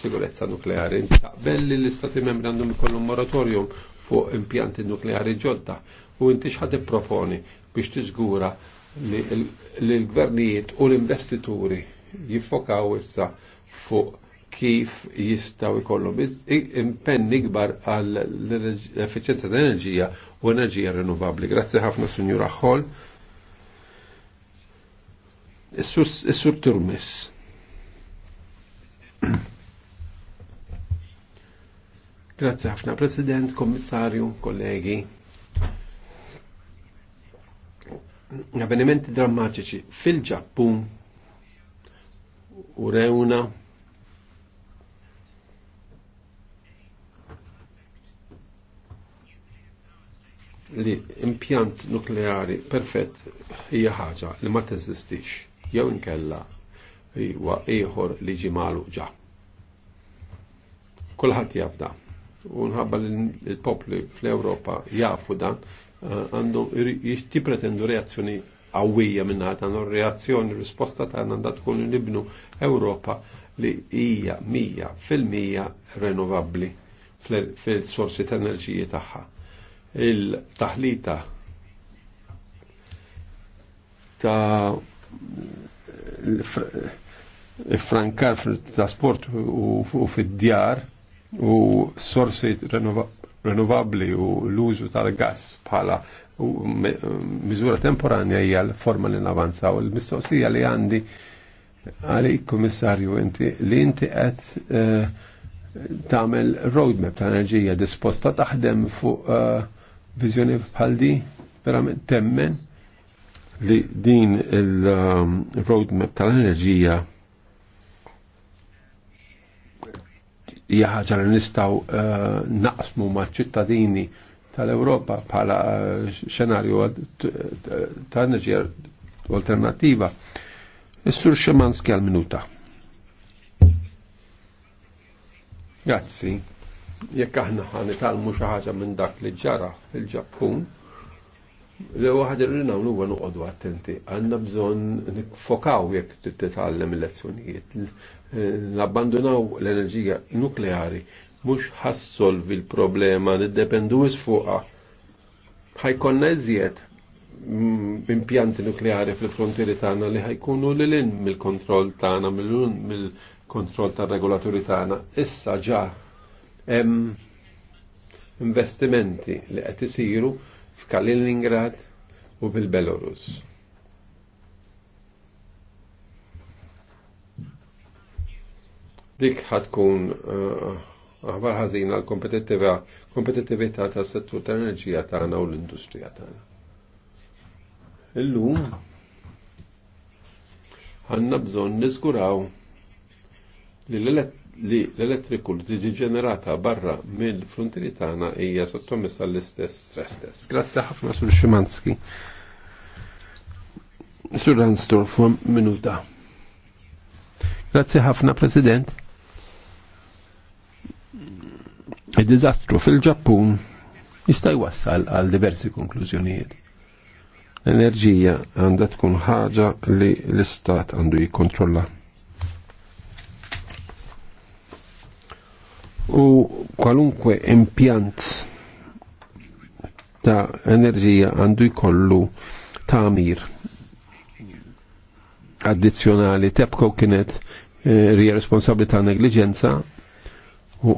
sigurezza nukleari. Taqbel l-Istati membri għandhom ikollu moratorium fuq impjanti nukleari ġodda u inti xħad proponi biex tiżgura li l-gvernijiet u l-investituri jiffokaw issa fuq kif jistaw ikollhom impenn ikbar għal l-efficienza ta' enerġija u enerġija rinnovabbli. Grazzi ħafna Signora Hall. Is-sur Turmis. Grazzi ħafna President, Kommissarju, kollegi. avvenimenti drammatiċi fil-Ġappun u rewna li impjant nukleari perfett hija ħaġa li ma teżistix jew inkella huwa ieħor li ġi ġa. Kulħadd jaf da. U nħabba l-popli fl-Ewropa jafu dan għandhom jippretendu reazzjoni għawija minna ħadd reazzjoni risposta ta' għandha tkun nibnu Ewropa li hija mija fil-mija renovabbli fil-sorsi ta' enerġiji tagħha. Il-taħlita ta' frankar fil-trasport u fid-djar u sorsi rinnovabli u l-użu tal-gass bħala eh, miżura temporanja hija l-forma li navanzaw. Il-mistoqsija li għandi għalik kummissarju inti li inti qed eh, tagħmel roadmap ta' enerġija disposta taħdem fuq eh, viżjoni bħal di verament temmen li din il-roadmap tal-enerġija hija li nistgħu eh, naqsmu maċ-ċittadini tal-Ewropa bħala eh, xenarju ta' enerġija alternativa. Is-sur Xemanski għal minuta. Grazzi. Jekk aħna ħanitalmu xi ħaġa minn dak li ġara fil-Ġappun, Li waħda li nawnu huwa noqogħdu attenti, għandna bżonn nikfokaw jekk titgħallem il-lezzjonijiet nabbandunaw l-enerġija nukleari mhux ħassolvi l-problema dependu fuqha ħajkonna iżjed mm, impjanti nukleari fil-frontieri tagħna li ħajkunu lil in mill-kontroll tagħna mill-kontroll tar-regolaturi tagħna. Issa ġa hemm investimenti li qed isiru f'Kaliningrad u bil-Belarus. Dik ħatkun għabar eh, ħazina l-kompetittività ta' settur ta' enerġija tagħna u l-industrija ta' għana. Illum għanna bżon nizguraw li l-elettriku li tiġi ġenerata barra mill-frontieri tagħna hija sottomessa l-istess stress test. Grazzi ħafna sur Ximanski. Sur Ransdorf, minuta. Grazzi ħafna, President. Il-dizastru fil-Ġappun jista' jwassal għal diversi konklużjonijiet. L-enerġija għandha tkun ħaġa li l-Istat għandu jikkontrolla. U kwalunkwe impjant ta' enerġija għandu jkollu amir addizzjonali tebko kienet eh, responsabilità negliġenza u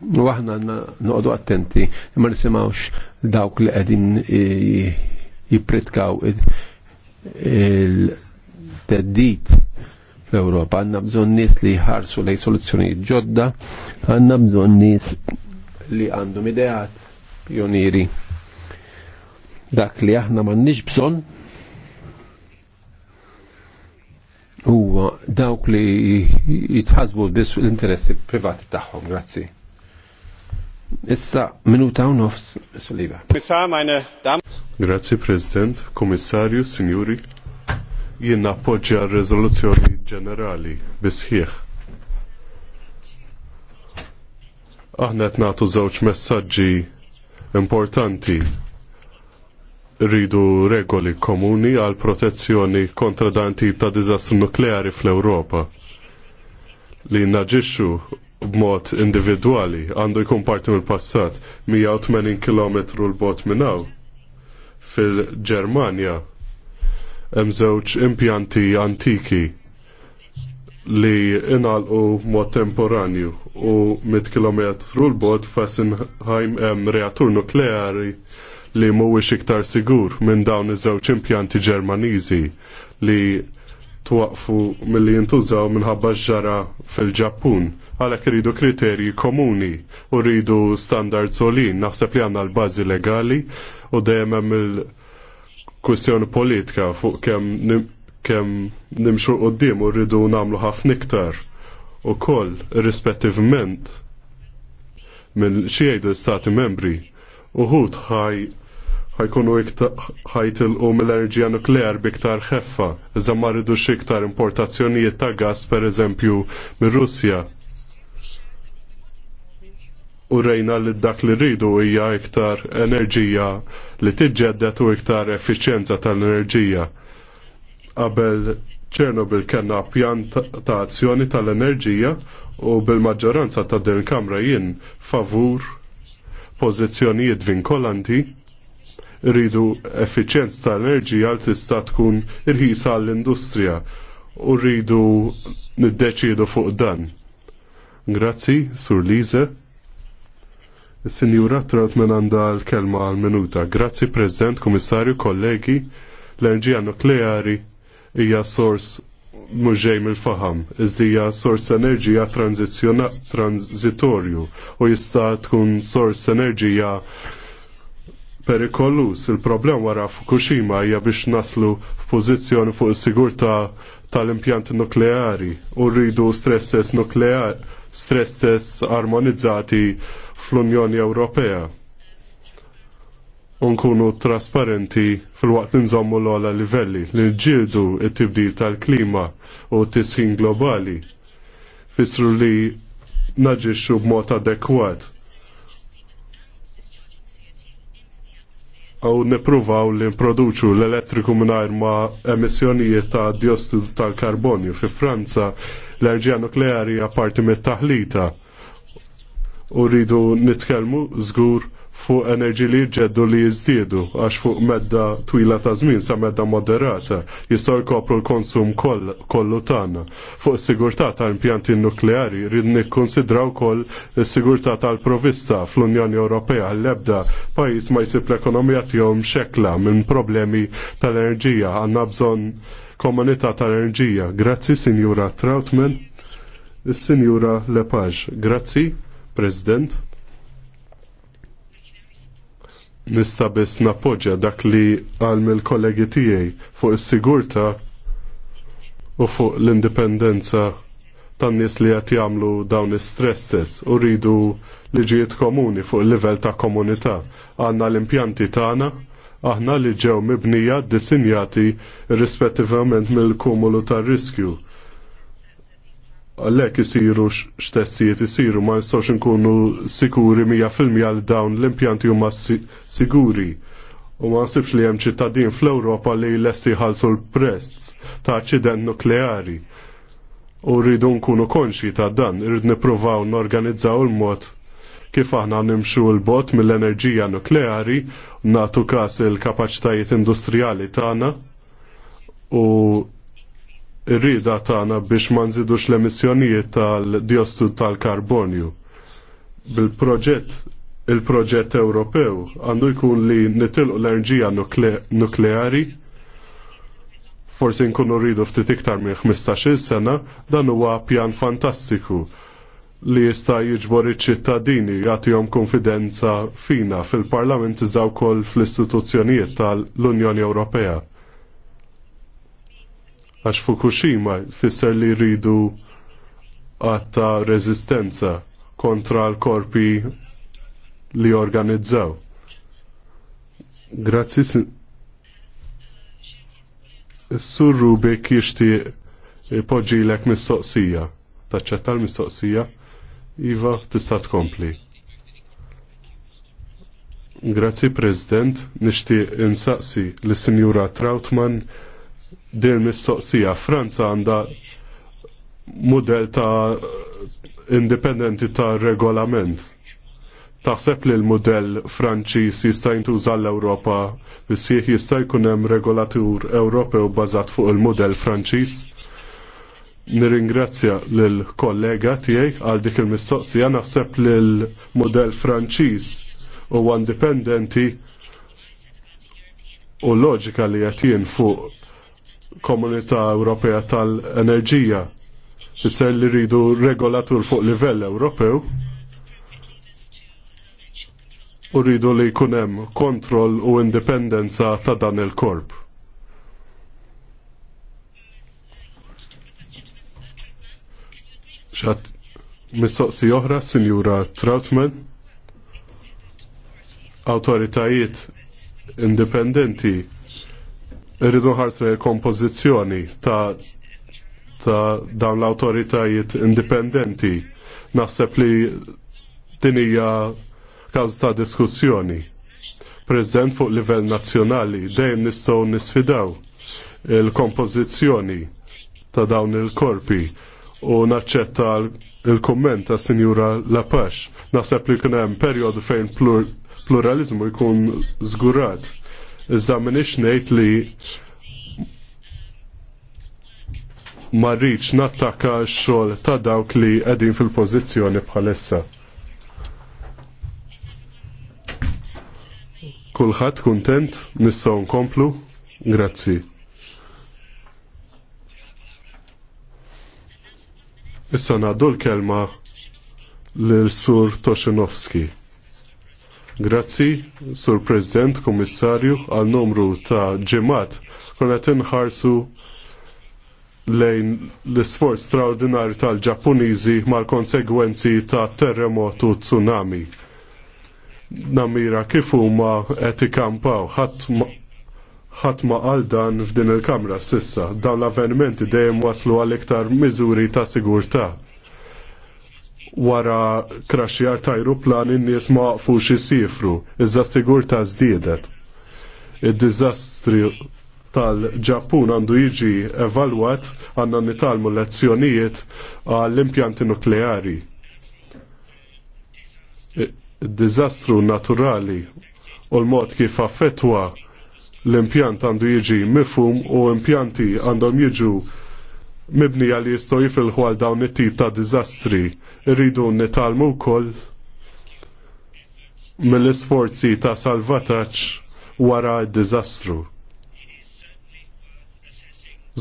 U aħna noqdu attenti, ma nisimawx dawk li qegħdin jipritkaw il-teddit fl-Europa. Għanna bżon nis li jħarsu lej soluzzjonijiet ġodda, għanna bżon nis li għandhom ideat pioniri. Dak li aħna m'għandniex bżon u dawk li jitħasbu biss l-interessi privati tagħhom. Grazzi. Issa minuta u nofs, Soliva. Grazie President, Komissarju, Signori. Jien appoġġja r-rezoluzzjoni ġenerali bisħieħ. Aħna qed nagħtu żewġ messaġġi importanti rridu regoli komuni għal protezzjoni kontra dan tip ta' diżastru nukleari fl-Ewropa li naġixxu b'mod individwali, għandu jkun parti mill-passat, 180 km l-bot minnaw fil-Germania hemm żewġ impjanti antiki li inalqu mod temporanju u 100 km l-bot Fessenheim hemm reattur nukleari li mhuwiex iktar sigur minn dawn iż-żewġ impjanti Ġermaniżi li twaqfu milli jintużaw minħabba ġara fil-Ġappun għalhekk kridu kriterji komuni u rridu standard solin naħseb li għandna l-bażi legali u dejjem hemm il-kwistjoni politika fuq kemm nim, kem nimxu d-dim u rridu nagħmlu ħafna iktar u koll rispettivment minn xiejdu stati membri uħut ħaj ħajkunu ħajtilqu mill-enerġija nuklear biktar ħeffa, iżda ma rridux iktar importazzjonijiet ta' gas per eżempju mir-Russja u rejna li dak li rridu hija iktar enerġija li tiġġedded u iktar effiċjenza tal-enerġija. Qabel Ċernobil kellna pjan ta' azzjoni tal-enerġija u bil-maġġoranza ta' din kamra jien favur pożizzjonijiet vinkolanti rridu effiċjenza tal-enerġija li tista' tkun irħisa għall-industrija u rridu niddeċiedu fuq dan. Grazzi, Sur Lise. Sinjura Trautman għanda l-kelma għal-minuta. Grazzi, President, Komissarju, kollegi, l-enerġija nukleari hija sors muġej mill-faham, iżdija sors enerġija transitorju u jista' tkun sors enerġija perikollus. Il-problem wara Fukushima hija biex naslu f'pożizzjoni fuq is-sigurtà tal-impjant nukleari u rridu stress nukleari stress test armonizzati fl-Unjoni Ewropea. Unkunu trasparenti fil-waqt li nżommu l għala livelli, li nġildu it-tibdil tal-klima u t-tisħin globali. Fisru li b b'mod adekwat. U nipruvaw li nproduċu l-elettriku minn ma emissjonijiet ta' diossidu tal-karbonju fi Franza l-enerġija nukleari apparti mit-taħlita. U rridu nitkellmu żgur fuq enerġi li jġeddu li jizdiedu, għax fuq medda twila ta' żmien sa' medda moderata, jistgħu jkopru l-konsum kollu tagħna. Fuq is-sigurtà tal-impjanti nukleari rridu nikkonsidraw wkoll is-sigurtà tal-provista fl-Unjoni Ewropea l-ebda pajjiż ma jsib l-ekonomija tiegħu xekla minn problemi tal-enerġija għandna bżonn komunità tal-enerġija. Grazzi, Sinjura Trautman, Sinjura Lepage. Grazzi, President. Nista biss nappoġġja dak li għal mill-kollegi tiegħi fuq is-sigurta u fuq l-indipendenza tan-nies li qed jagħmlu dawn is-stress test u rridu liġijiet komuni fuq il-livell ta' komunità. Għandna l-impjanti tagħna aħna li ġew mibnija ddisinjati rispettivament mill-kumulu tar riskju. Għallek isiru x'tessijiet isiru ma nistgħux nkunu sikuri filmja għal dawn l-impjanti huma siguri. U ma nsibx li hemm ċittadin fl-Ewropa li lesti ħalsu l prests ta' aċċident nukleari. U rridu nkunu konxi ta' dan, rrid nippruvaw norganizzaw il-mod kif aħna nimxu l-bot mill-enerġija nukleari natu kas il-kapacitajiet industrijali tagħna u rrida tagħna biex ma nżidux l-emissjonijiet tal-diostu tal-karbonju. Bil-proġett il-proġett Ewropew għandu jkun li nitilqu l-enerġija nukle nukleari forsi nkunu rridu ftit iktar minn 15-il sena, dan huwa pjan fantastiku li jista' jiġbor iċ-ċittadini jagħtihom konfidenza fina fil-Parlament iżda wkoll fl-istituzzjonijiet tal-Unjoni Ewropea. Għax Fukushima fisser li rridu għatta rezistenza kontra l-korpi li organizzaw. Grazzi. Sur Rubik jixtieq poġġilek mistoqsija. Taċċetta l-mistoqsija. Iva, tista' tkompli. Grazzi President, nixtieq insaqsi li sinjura Trautman din mistoqsija Franza għandha mudell ta' indipendenti ta' regolament. Taħseb li l-modell Franċiż jista' jintuża l-Ewropa, fis jista' jkun hemm regolatur Ewropew bażat fuq il-modell Franċiż? nirringrazzja l-kollega tiegħi għal dik il-mistoqsija naħseb li l-modell Franċiż huwa indipendenti u loġika li jatin fuq komunità Ewropea tal-enerġija. Isser li rridu regolatur fuq livell Ewropew u rridu li jkun hemm kontroll u indipendenza ta' dan il-korp. Xat mistoqsi oħra, Sinjura Trautman, autoritajiet indipendenti irridu ħarsu l-kompożizzjoni ta' ta' dawn l-autoritajiet indipendenti. Naħseb li din hija każ ta' diskussjoni. Preżent fuq livell nazzjonali dejjem nistgħu nisfidaw il-kompożizzjoni ta' dawn il-korpi u naċċetta il-komment ta' Sinjura Lapax. Naħseb li kien hemm perjodu fejn plur pluralizmu jkun żgurat. Iżda minix ngħid li marriċ nattaka xogħol ta' dawk li qegħdin fil-pożizzjoni bħalissa. Kulħadd kuntent, nistgħu nkomplu. Grazzi. Issa naddu l-kelma l-Sur Toshinovski. Grazzi, Sur President, Komissarju, għal numru ta' ġemat, konet inħarsu lejn l-sforz straordinarju tal-Ġappuniżi mal-konsegwenzi ta' terremotu tsunami. Namira kif huma qed ikampaw ħadd ħatma għal dan f'din il-kamra sissa. Dawn l-avvenimenti dejjem waslu għal iktar miżuri ta' sigurtà. Wara kraxjar ta' aeroplan in-nies ma waqfux isifru, iżda sigurtà żdiedet. Id-diżastri tal-Ġappun għandu jiġi evalwat għandna nitalmu lezzjonijiet għall-impjanti nukleari. Id-diżastru naturali u l-mod kif affettwa l-impjant għandu jiġi mifhum u impjanti għandhom jiġu mibnija li jistgħu jifilħu għal dawn it-tip ta' diżastri. rridu nitalmu wkoll mill-isforzi ta' salvataġġ wara d-diżastru.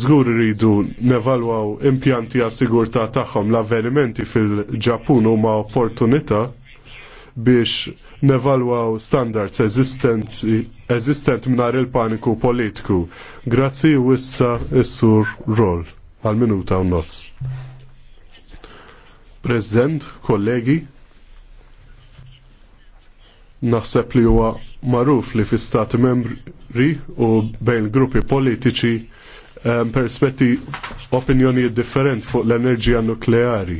Zgur rridu nevalwaw impjanti għas sigurtà tagħhom l-avvenimenti fil-Ġapun huma opportunità biex nevalwaw standards eżistent minar il-paniku politiku. Grazzi u issa issur rol għal minuta u nofs. President, kollegi, naħseb li huwa maruf li fi stati membri u bejn gruppi politiċi eh, perspetti opinjoni differenti fuq l-enerġija nukleari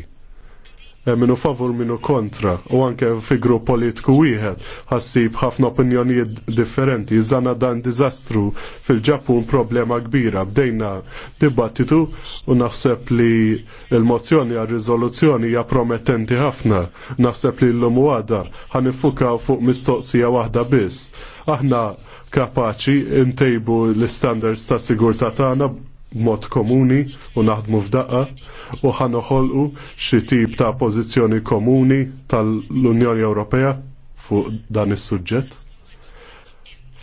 Eh, minu favur minu kontra u anke fi grupp politiku wieħed ħassib ħafna opinjonijiet differenti. Iżana dan dizastru fil-ġappun problema kbira. Bdejna dibattitu u naħseb li il-mozzjoni għal riżoluzzjoni hija promettenti ħafna. Naħseb li l-lum għada ħanifukaw fuq mistoqsija waħda biss. Aħna kapaċi ntejbu l-standards ta' sigurtà tagħna mod komuni u naħdmu f'daqqa u ħanoħolqu xi tip ta' pożizzjoni komuni tal-Unjoni Ewropea fuq dan is-suġġett.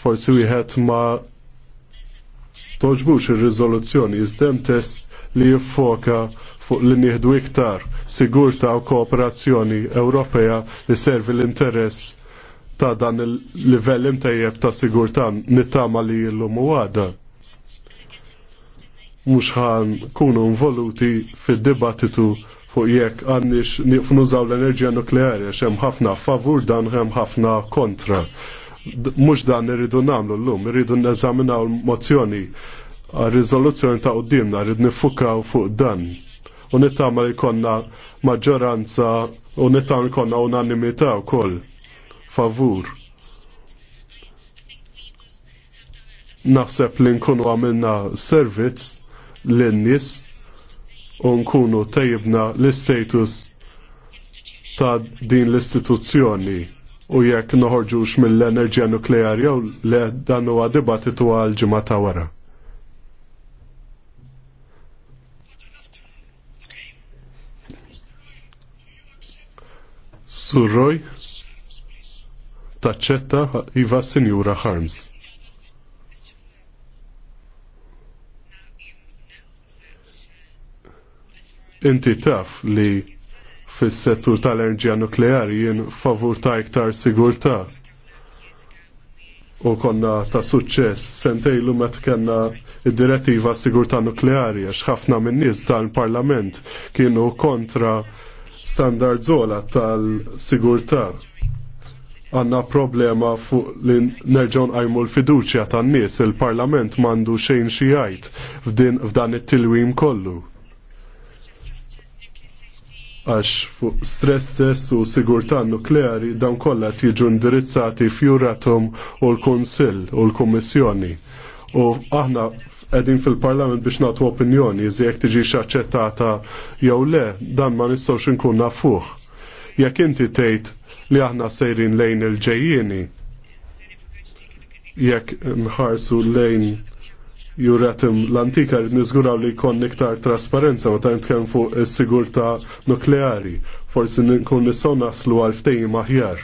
Forsi wieħed ma toġbux ir-riżoluzzjoni iżdem test li jiffoka fuq li nieħdu iktar sigurta u kooperazzjoni Ewropea li servi l-interess ta' dan il-livell imtejjeb ta' sigurta nittama li l-lum u għada mhux ħan kunu involuti fid-dibattitu fuq jekk għandix nużaw l-enerġija nukleari għax hemm ħafna favur dan hemm ħafna kontra. Mhux dan irridu nagħmlu llum, irridu neżaminaw l-mozzjoni għal-riżoluzzjoni ta' qudiemna rrid nifukaw fuq dan. U nittama li konna maġġoranza u nittama li konna unanimità wkoll favur. Naħseb li nkunu għamilna servizz l-nis u nkunu tajibna l-status ta' din l-istituzzjoni u jekk noħorġux mill-enerġija nukleari jew le dan huwa dibattitu għal ġimgħa ta' wara. Surroj, taċċetta Iva Sinjura Harms. Inti taf li fis-settur tal-enerġija nukleari jien favur ta' iktar sigurtà. U konna ta' suċċess sentejlu met kena id-direttiva sigurtà nukleari għax ħafna minn nies tal-parlament kienu kontra standard zola tal-sigurtà għanna problema fuq li nerġon għajmu l-fiduċja tan nies il-parlament mandu xejn xijajt f'dan it-tilwim kollu għax fuq stress test u sigurtà nukleari dawn kollha tiġu indirizzati fjuratom u l-Kunsill u l-Kummissjoni. U aħna qegħdin fil-Parlament biex nagħtu opinjoni jekk tiġix aċċettata jew le, dan ma nistgħux inkun nafuh. Jekk inti tgħid li aħna sejrin lejn il-ġejjieni, jekk nħarsu lejn juratim l-antika rrid niżguraw li jkun iktar trasparenza meta nitkellem fuq is-sigurtà nukleari. Forsi nkun nistgħu naslu għal ftejim aħjar.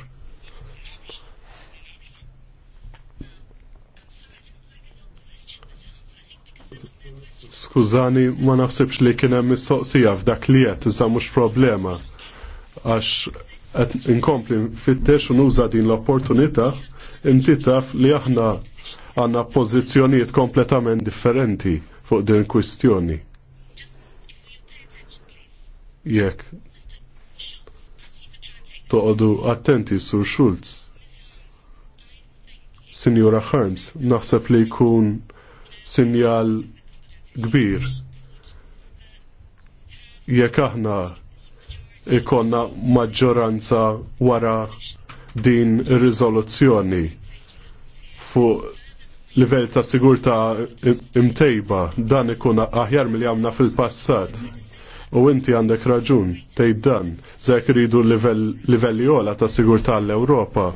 Skużani, ma naħsibx li kien hemm mistoqsija f'dak li qed iżda mhux problema. Għax inkompli fittex u nuża din l-opportunità inti taf li aħna għanna pozizjoniet kompletament differenti fuq din kwistjoni. Jekk toqdu attenti sur Schulz. Sinjura Harms, naħseb li jkun sinjal kbir. Jekk aħna ikonna maġġoranza wara din ir-riżoluzzjoni fuq livell ta' sigurta imtejba dan ikun aħjar mill għamna fil-passat. U inti għandek raġun tgħid dan, zek ridu livelli ola ta' sigurta l-Ewropa.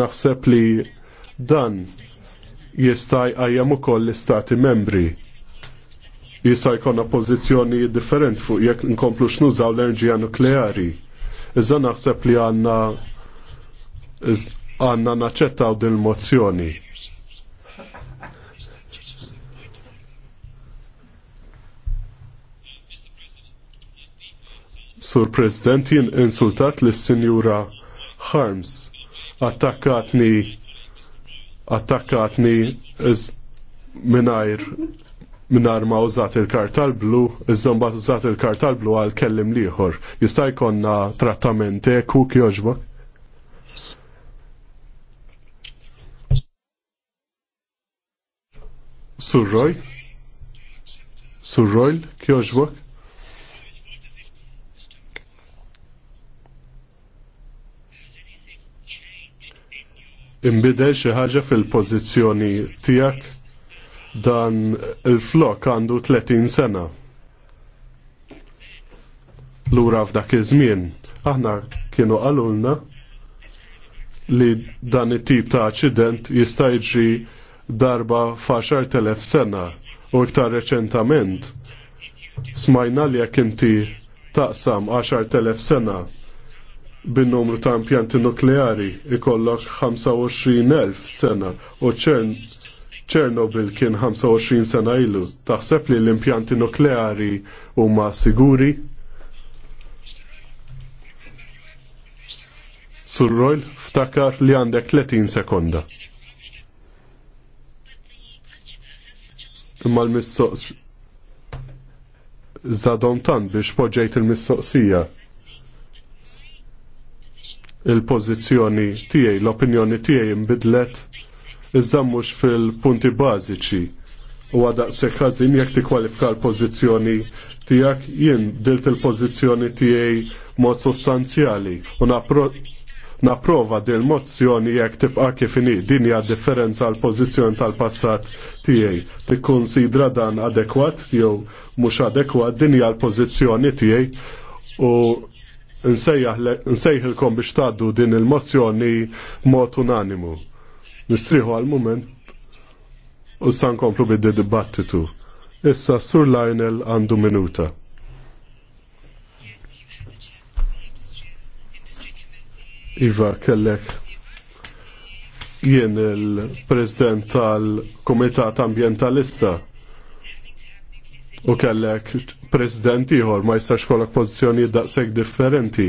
Naħseb li dan jista' jqajjem ukoll l-istati membri. Jista' jkollna pożizzjoni differenti fuq jekk nkomplu x'nużaw l-enerġija nukleari. Iżda naħseb li għandna għandna naċċettaw din il-mozzjoni. Sur President, jien insultat lis sinjura Harms. Attakkatni attakatni minajr minar ma użat il-kartal blu, iżom bat użat il-kartal blu għal kellim liħor. Jista' jkollna trattament eku kjoġbok? Surroj? Surroj, kjoġbok? imbidel xi ħaġa fil-pożizzjoni tiegħek dan il-flok għandu 30 sena. Lura f'dak iż-żmien aħna kienu qalulna li dan it-tip ta' aċident jista' jiġri darba fa' telef sena u iktar reċentament smajna li jekk inti taqsam 10,000 sena bin-numru ta' impjanti nukleari ikollok 25,000 sena u Chernobyl kien 25 sena ilu. Taħseb li l-impjanti nukleari huma siguri? Surrojl, ftakar li għandek 30 sekonda. Imma l mistoqsija Zadom tan biex poġġejt il-mistoqsija il-pozizjoni tiegħi, l-opinjoni tiegħi imbidlet iżda mhux fil-punti bażiċi u għadaqsek ħażin jekk tikkwalifika l-pożizzjoni tiegħek jien dilt il-pożizzjoni tiegħi mod sostanzjali u naprova dil mozzjoni jekk tibqa' kif inhi din hija differenza l pożizzjoni tal-passat tiegħi. Tikkunsidra dan adekwat jew mhux adekwat din hija l-pożizzjoni tiegħi u nsejħilkom biex taddu din il-mozzjoni mod unanimu. Nistriħu għal-moment u komplu bidde dibattitu Issa Sur Lionel għandu minuta. Iva, kellek jien il-president tal-Komitat Ambientalista u kellek president ieħor ma jistax kollok pożizzjonijiet daqshekk differenti.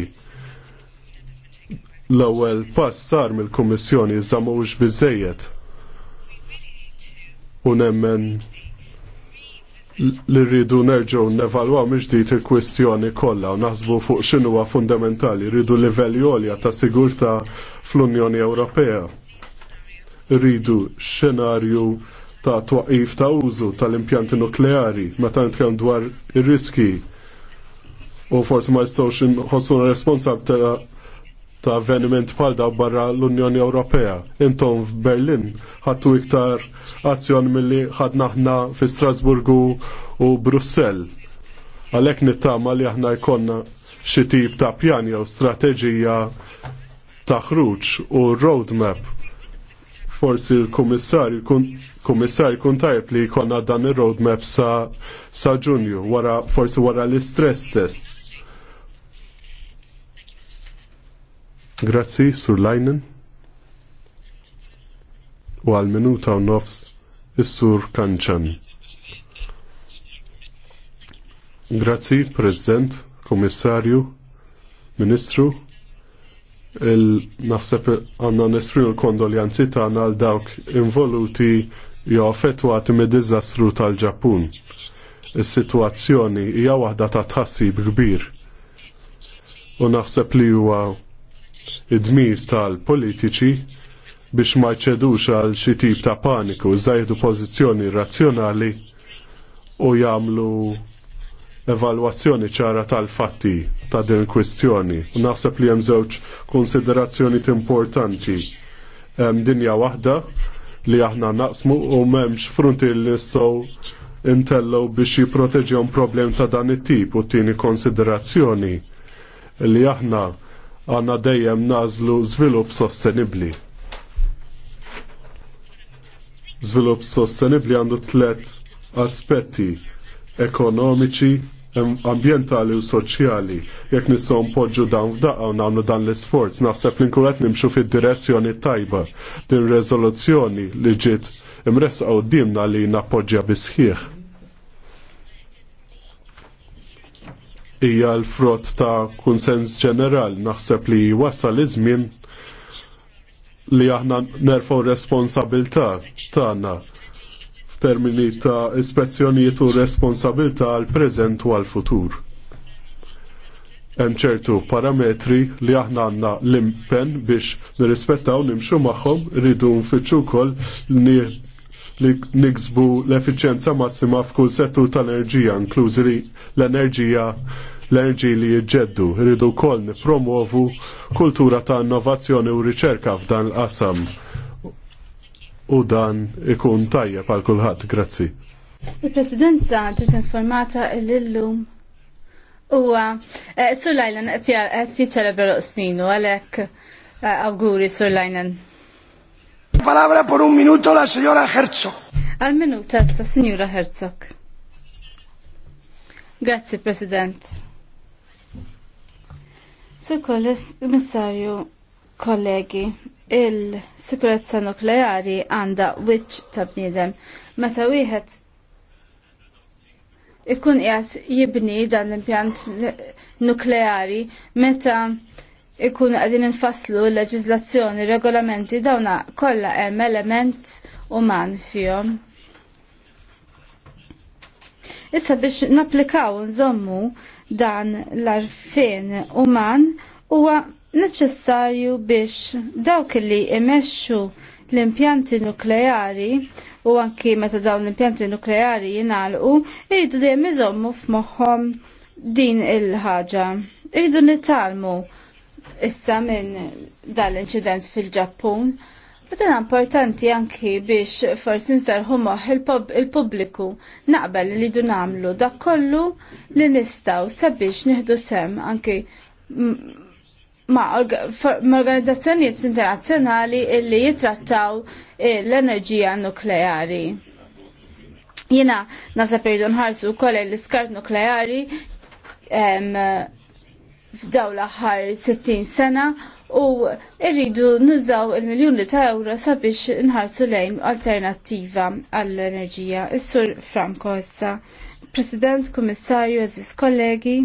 L-ewwel pass sar mill-Kummissjoni iżda mhuwiex biżejjed. U nemmen li rridu nerġgħu nevalwaw miġdijt il-kwistjoni kollha u naħsbu fuq x'inhuwa fundamentali, rridu livelli għolja ta' sigurtà fl-Unjoni Ewropea. Rridu xenarju ta' twaqif ta' użu tal-impjanti nukleari, meta nitkellem dwar ir-riski u forsi ma jistgħux inħossu responsabbli ta' ta' avveniment bħal da barra l-Unjoni Ewropea. Intom f'Berlin ħattu iktar azzjon milli ħadna aħna fi Strasburgu u Brussell. Għalhekk nittama li aħna jkollna xi tip ta' pjan jew strateġija ta' ħruġ u roadmap forsi l-Kummissarju kun Kummissar, kun tajb li jkollna dan ir-roadmap sa, sa ġunju, wara, forsi wara l-istress test. Grazzi, Sur Lajnen. U għal minuta u nofs, is-Sur Kanċan. Grazzi, President, Komissarju, Ministru, il-naħseb għanna nesfru l-kondoljanzi tagħna għal dawk involuti jew affettwati mid diżastru tal-Ġappun. Is-sitwazzjoni hija waħda ta' tħassib kbir. U naħseb li huwa id-dmir tal-politiċi biex ma jċedux għal xi tip ta' paniku, żajdu pożizzjoni razzjonali u jagħmlu evalwazzjoni ċara tal-fatti ta' din kwistjoni. U naħseb li hemm żewġ konsiderazzjoni importanti. dinja waħda li aħna naqsmu u memx frunti li sow intellow biex jiproteġjon problem ta' dan it-tip u tini konsiderazzjoni li aħna għanna dejjem nażlu żvilupp sostenibbli. Żvilupp sostenibbli għandu tlet aspetti ekonomiċi, ambientali u soċjali. Jekk nistgħu npoġġu dawn f'daqqa u nagħmlu dan l-isforz, naħseb li nkun qed nimxu fid-direzzjoni tajba din riżoluzzjoni li ġiet imresqa qudiemna li nappoġġja sħiħ Hija l-frott ta' kunsens ġenerali, naħseb li wasal iż-żmien li aħna nerfgħu responsabilità tagħna. Ta Termini ta' ispezzjonijiet u responsabilta għal preżent u għal futur. Hemm ċertu parametri li aħna għandna l-impen biex nirrispettaw nimxu magħhom rridu nfittxu wkoll li niksbu l efficienza massima f'kull settur tal-enerġija, inklużi l-enerġija l-enerġi li jġeddu, rridu kol nipromovu kultura ta' innovazzjoni u riċerka f'dan l-qasam u dan ikun tajja pal kulħadd. Grazzi. Il-Presidenza ġiet informata l-illum huwa eh, Sur Lajlan qed jiċċelebra l għalhekk eh, awguri Sur Lajlan. Palabra por un minuto la signora Herzog. Al minuta sta signora Herzog. Grazie President. Sur commissario, colleghi, il-sikurezza nukleari għanda wiċċ ta' bniedem. Meta wieħed ikun qiegħed jibni dan l-impjant nukleari meta ikun qegħdin infasslu l-leġiżlazzjoni, regolamenti dawna kollha hemm element uman fihom. Issa biex napplikaw nżommu dan l-arfin uman huwa neċessarju biex dawk li imexxu l-impjanti nukleari u anki meta dawn l-impjanti nukleari jinalqu iridu dejjem iżommu f'moħħom din il-ħaġa. Iridu nitalmu issa minn dal-inċident fil-Ġappun. Betan importanti anki biex forsi nsarħu moħ il-pubbliku naqbel li du namlu da kollu li nistaw sabiex nieħdu sem anki ma' organizzazzjonijiet internazzjonali illi jitrattaw l-enerġija nukleari. Jina nasa irridu nħarsu wkoll l-iskart nukleari f'daw l-aħħar 60 sena u irridu nużaw il-miljuni ta' euro sabiex nħarsu lejn alternattiva għall-enerġija. Is-sur Franco issa. President, Kummissarju, Aziz kollegi.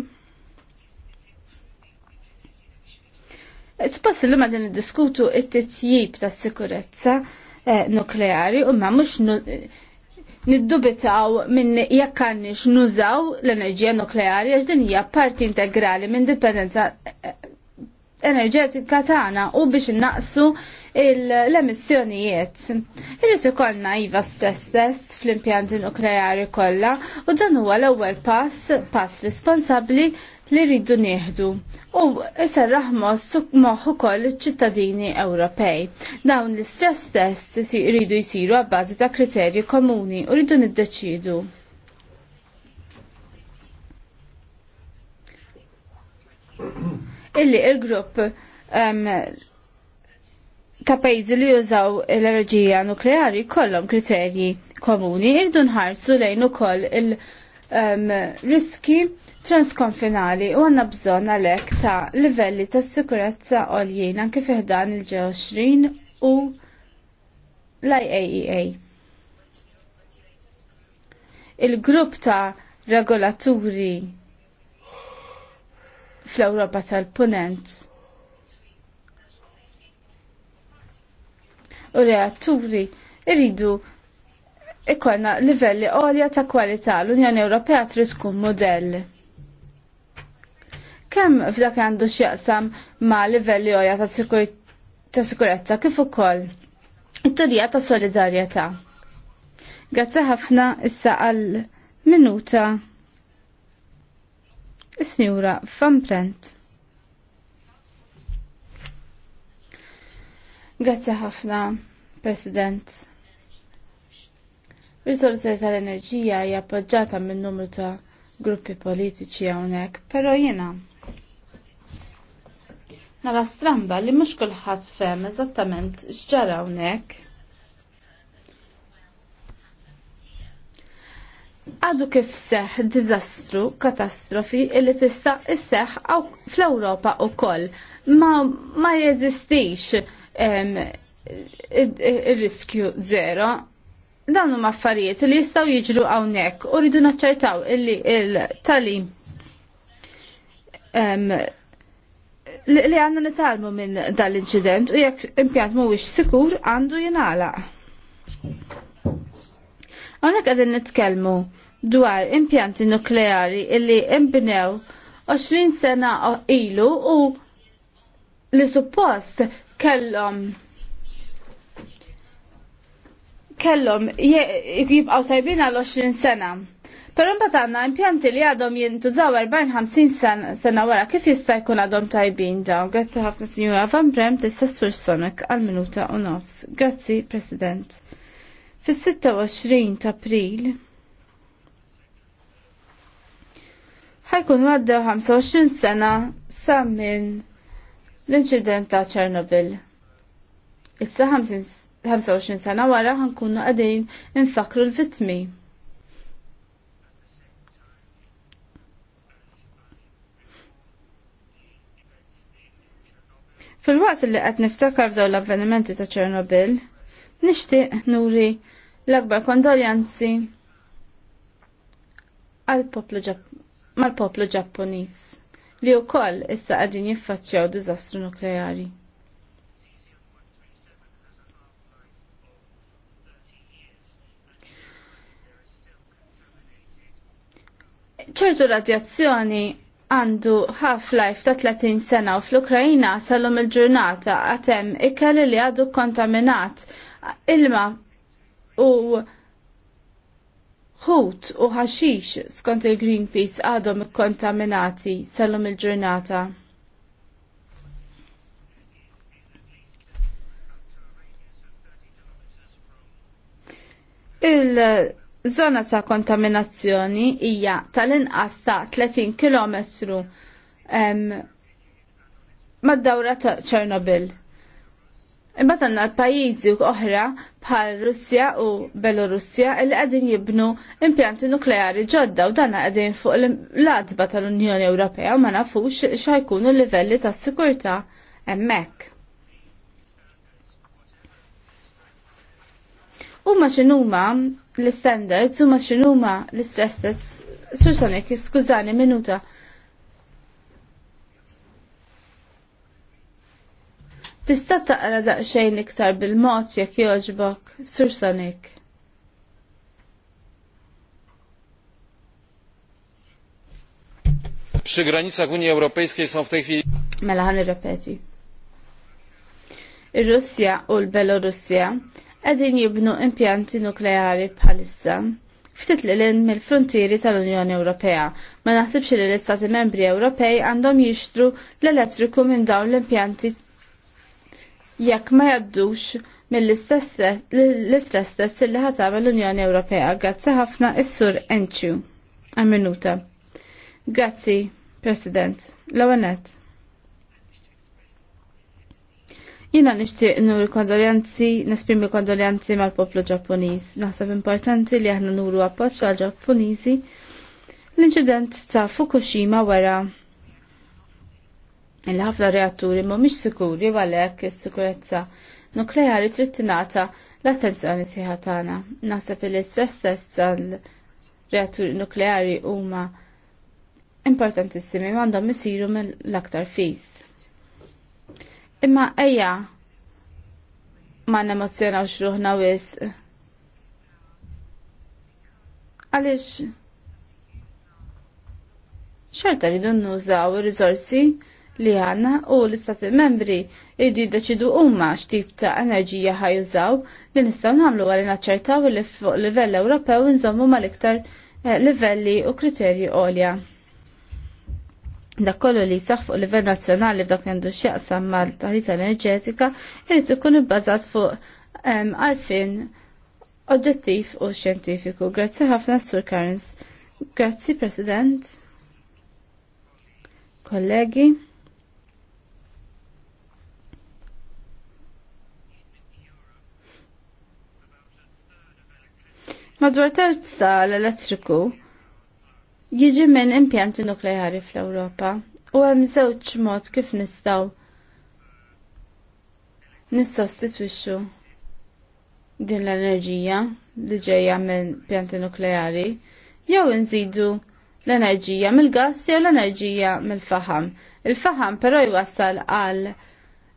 Suppost li ma din diskutu it-titjib ta' sikurezza eh, nukleari u ma mux niddubitaw minn jekk nużaw l-enerġija nukleari għax din hija parti integrali minn dipendenza eh, enerġetika tagħna u biex innaqsu l-emissjonijiet. Irid ikollna iva stress test fl-impjanti nukleari kollha u dan huwa l-ewwel pass, pass responsabbli li rridu nieħdu u serraħ moħħu koll ċittadini Ewropej. Dawn l-istress test rridu jisiru għabbażi ta' kriterji komuni u rridu niddeċidu. Illi il-grupp um, ta' pejzi li jużaw l-enerġija nukleari kollom kriterji komuni irdu nħarsu lejn ukoll il- -koll il um, riski transkonfinali u għanna bżon għalek ta' livelli ta' sikurezza għoljien anke fiħdan il-G20 u l-IAEA. E Il-grupp ta' regolaturi fl-Europa tal-Punent u reatturi irridu ikkonna livelli għolja ta' kwalità l-Unjoni Ewropea trid tkun modell. Kemm f'dak għandu x'jaqsam ma' livelli għolja ta' sikurezza kif ukoll it-turija ta' solidarjetà. Grazzi ħafna issa għal minuta is-Sinjura Van Brent. Grazzi ħafna, President. Risoluzzjoni tal-enerġija hija appoġġjata minn numru ta' gruppi politiċi hawnhekk, però jiena nara stramba li mhux kulħadd fehm eżattament x'ġara hawnhekk. Għadu kif seħ diżastru, katastrofi illi tista' isseħ fl-Ewropa wkoll ma, ma jeżistix ir-riskju zero dan huma affarijiet li jistgħu jiġru hawnhekk u rridu naċċertaw illi il-talim li għandna nitalmu minn dal-inċident u jekk impjant mhuwiex sikur għandu jingħalaq. Hawnhekk qegħdin nitkellmu dwar impjanti nukleari illi imbnew 20 sena ilu u li suppost kellhom kellhom jibqgħu tajbin għal 20 sena. Però mbagħad għandna impjanti li għadhom jintużaw 40-50 sena wara kif jista' jkun għadhom tajbin dawn. Grazzi ħafna Sinjura Van Brem tista' Sonek għal minuta u nofs. Grazzi President. Fis-26 ta' April ħajkun għaddew 25 sena sa minn l-inċident ta' Ċernobil. Issa 50 25 sena wara ħankunu għadin infakru l-vitmi. Fil-waqt li qed niftakar f'dawn l-avvenimenti ta' Ċernobil, nixtieq nuri l-akbar kondoljanzi għal-poplu mal-poplu Ġappuniż li wkoll issa qegħdin jiffaċċjaw diżastru nukleari. ċertu radjazzjoni għandu half life ta' 30 sena u fl-Ukrajina sal-lum il-ġurnata għatem ikel li għadu kontaminat ilma u ħut u ħaxix skont il-Greenpeace għadhom kontaminati sal-lum il-ġurnata. il, -ġurnata. il Zona ta' kontaminazzjoni hija tal-inqas ta' 30 km mad-dawra ta' Ċernobil. Imma tanna l-pajizi oħra bħal Russja u Belorussja li qegħdin jibnu impjanti nukleari ġodda u dan qegħdin fuq l-adba tal-Unjoni Ewropea u ma nafux xajkunu l-livelli ta' sikurtà hemmhekk. U ma l-standards u ma xinuma l-stress tests. Sur Sonic, skużani, minuta. Tista' taqra daqsxejn iktar bil-mod jekk jogħġbok, Sur Sonic. Przy granicach Unii Europejskiej są w tej chwili. Mela ħan irrepeti. ir Belorusja u l qegħdin jibnu impjanti nukleari bħalissa ftit li l-in mill-frontieri tal-Unjoni Ewropea. Ma naħsibx li l-Istati Membri Ewropej għandhom jixtru l-elettriku minn dawn l-impjanti jekk ma jaddux mill istess test li ħatam l-Unjoni Ewropea. Grazzi ħafna is-sur Enċu. Għamminuta. Grazzi, President. l Jina nishtiq nuru kondoljanzi, nesprimi kondoljanzi mal-poplu ġappuniż. Naħseb importanti li aħna nuru appoġġ għal ġappuniżi l-inċident ta' Fukushima wara il-ħafna reatturi mhumiex sikuri għalek is-sikurezza nukleari trid tingħata l-attenzjoni siħatana. tagħna. Naħseb il stress test tal-reatturi nukleari huma importantissimi m'għandhom isiru mill-aktar fis. Imma eja, ma nemozjonawx ruħna wis. Għalix, xorta rridu nużaw il-rizorsi li għanna u l-istati membri irridu jiddeċidu huma x'tip ta' enerġija ħajużaw li nistgħu nagħmlu għal naċċertaw li fuq livell Ewropew nżommu mal-iktar eh, livelli u kriterji għolja da kollu li jsaħ fuq livell nazzjonali f'dak li għandu x'jaqsam mal-taħlita enerġetika jrid ikun ibbażat fuq għarfien oġġettiv u xjentifiku. Grazzi ħafna Sur Karens. Grazzi President. Kollegi. Madwar terz tal-elettriku jiġi minn impjanti nukleari fl-Ewropa u hemm żewġ mod kif nistgħu nissostitwixxu din l-enerġija li ġejja minn pjanti nukleari jew nżidu l-enerġija mill-gass jew l-enerġija mill-faħam. Il-faħam però jwassal għal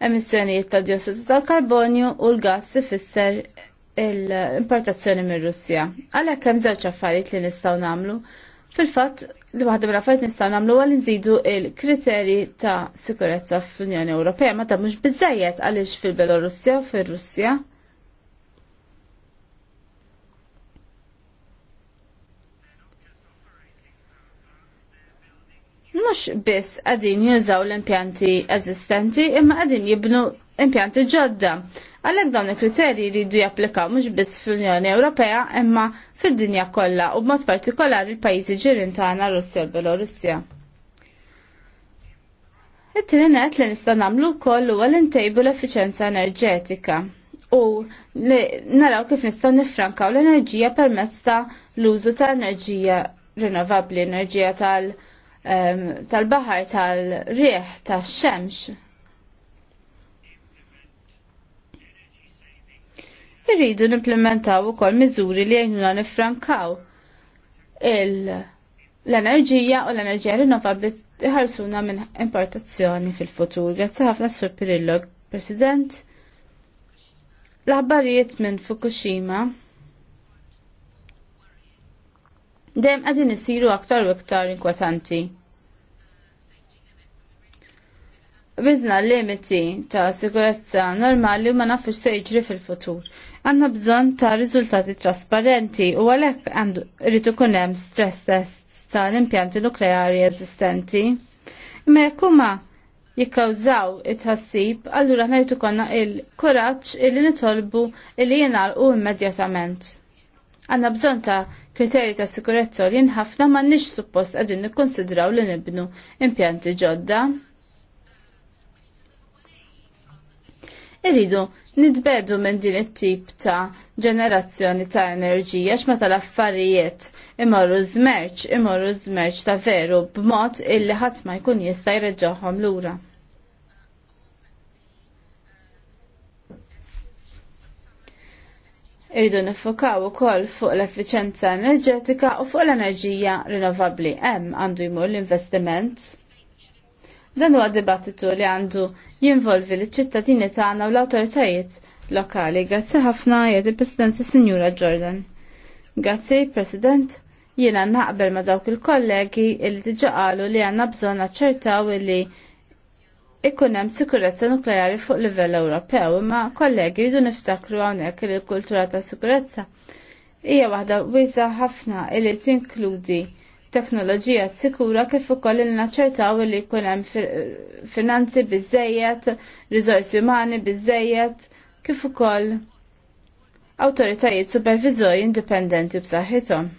emissjonijiet ta' diossidu tal-karbonju u l-gass ifisser l-importazzjoni mir russja Għalhekk hemm żewġ affarijiet li nistgħu nagħmlu Fil-fatt, li waħda mill fajt nistgħu għamlu għal nżidu l-kriterji ta' sikurezza fl-Unjoni Ewropea ma ta' mhux bizzajet għaliex fil-Belorussja u fir-Russja. Mhux biss qegħdin jużaw l-impjanti eżistenti imma qegħdin jibnu impjanti ġodda. Għalhekk dawn il-kriterji jridu japplikaw mhux biss fl-Unjoni Ewropea imma fid-dinja kollha u b'mod partikolari l-pajjiżi ġirien tagħna Russja u Belorussja. It-tieni li nista' nagħmlu wkoll huwa l-intejbu l-effiċenza enerġetika u naraw kif nistgħu nifrankaw l-enerġija permezz ta' l-użu ta' enerġija rinnovabbli, enerġija tal- ehm, tal-bahar, tal rieħ tal-xemx, irridu nimplementaw ukoll miżuri li jgħinuna nifrankaw l-enerġija u l-enerġija rinnovabbli iħarsuna minn importazzjoni fil-futur. Grazzi ħafna Sur Pirillo, President. L-aħbarijiet minn Fukushima dejjem qegħdin isiru aktar u aktar inkwetanti. Bizna limiti ta' sikurezza normali u ma nafux se jiġri fil-futur għanna bżon ta' riżultati trasparenti u għalek għandu rritu kunem stress tests tal-impjanti nukleari eżistenti. Imma jekkuma jikkawżaw it-ħassib, allura rritu konna il-kuraċ illi nitolbu illi u immedjatament. Għanna bżon ta' kriteri ta' sikurezza li ħafna ma' nix suppost għadin nikkonsidraw li nibnu impjanti ġodda. irridu nitbedu minn din it-tip ta' ġenerazzjoni ta' enerġija x'ma tal affarijiet imorru żmerġ, imorru żmerġ ta' veru b'mod illi ħadd ma jkun jista' jreġġoħhom lura. Irridu nifokaw ukoll fuq l-effiċenza enerġetika u fuq l-enerġija rinnovabbli hemm għandu jmur l-investiment Dan huwa dibattitu li għandu jinvolvi l-ċittadini tagħna u l-awtoritajiet lokali. Grazzi ħafna jgħid il-President Sinjura Jordan. Grazzi, President. Jiena naqbel ma dawk il-kollegi li diġa qalu li għandna bżonn naċċertaw li ikun hemm sikurezza nukleari fuq livell Ewropew, imma kollegi jridu niftakru hawnhekk il kultura ta' sikurezza hija waħda wiesa ħafna li tinkludi teknoloġija sikura kif ukoll li naċċertaw li jkun hemm finanzi biżejjed, riżorsi umani biżejjed, kif ukoll awtoritajiet supervizorji indipendenti b'saħħithom.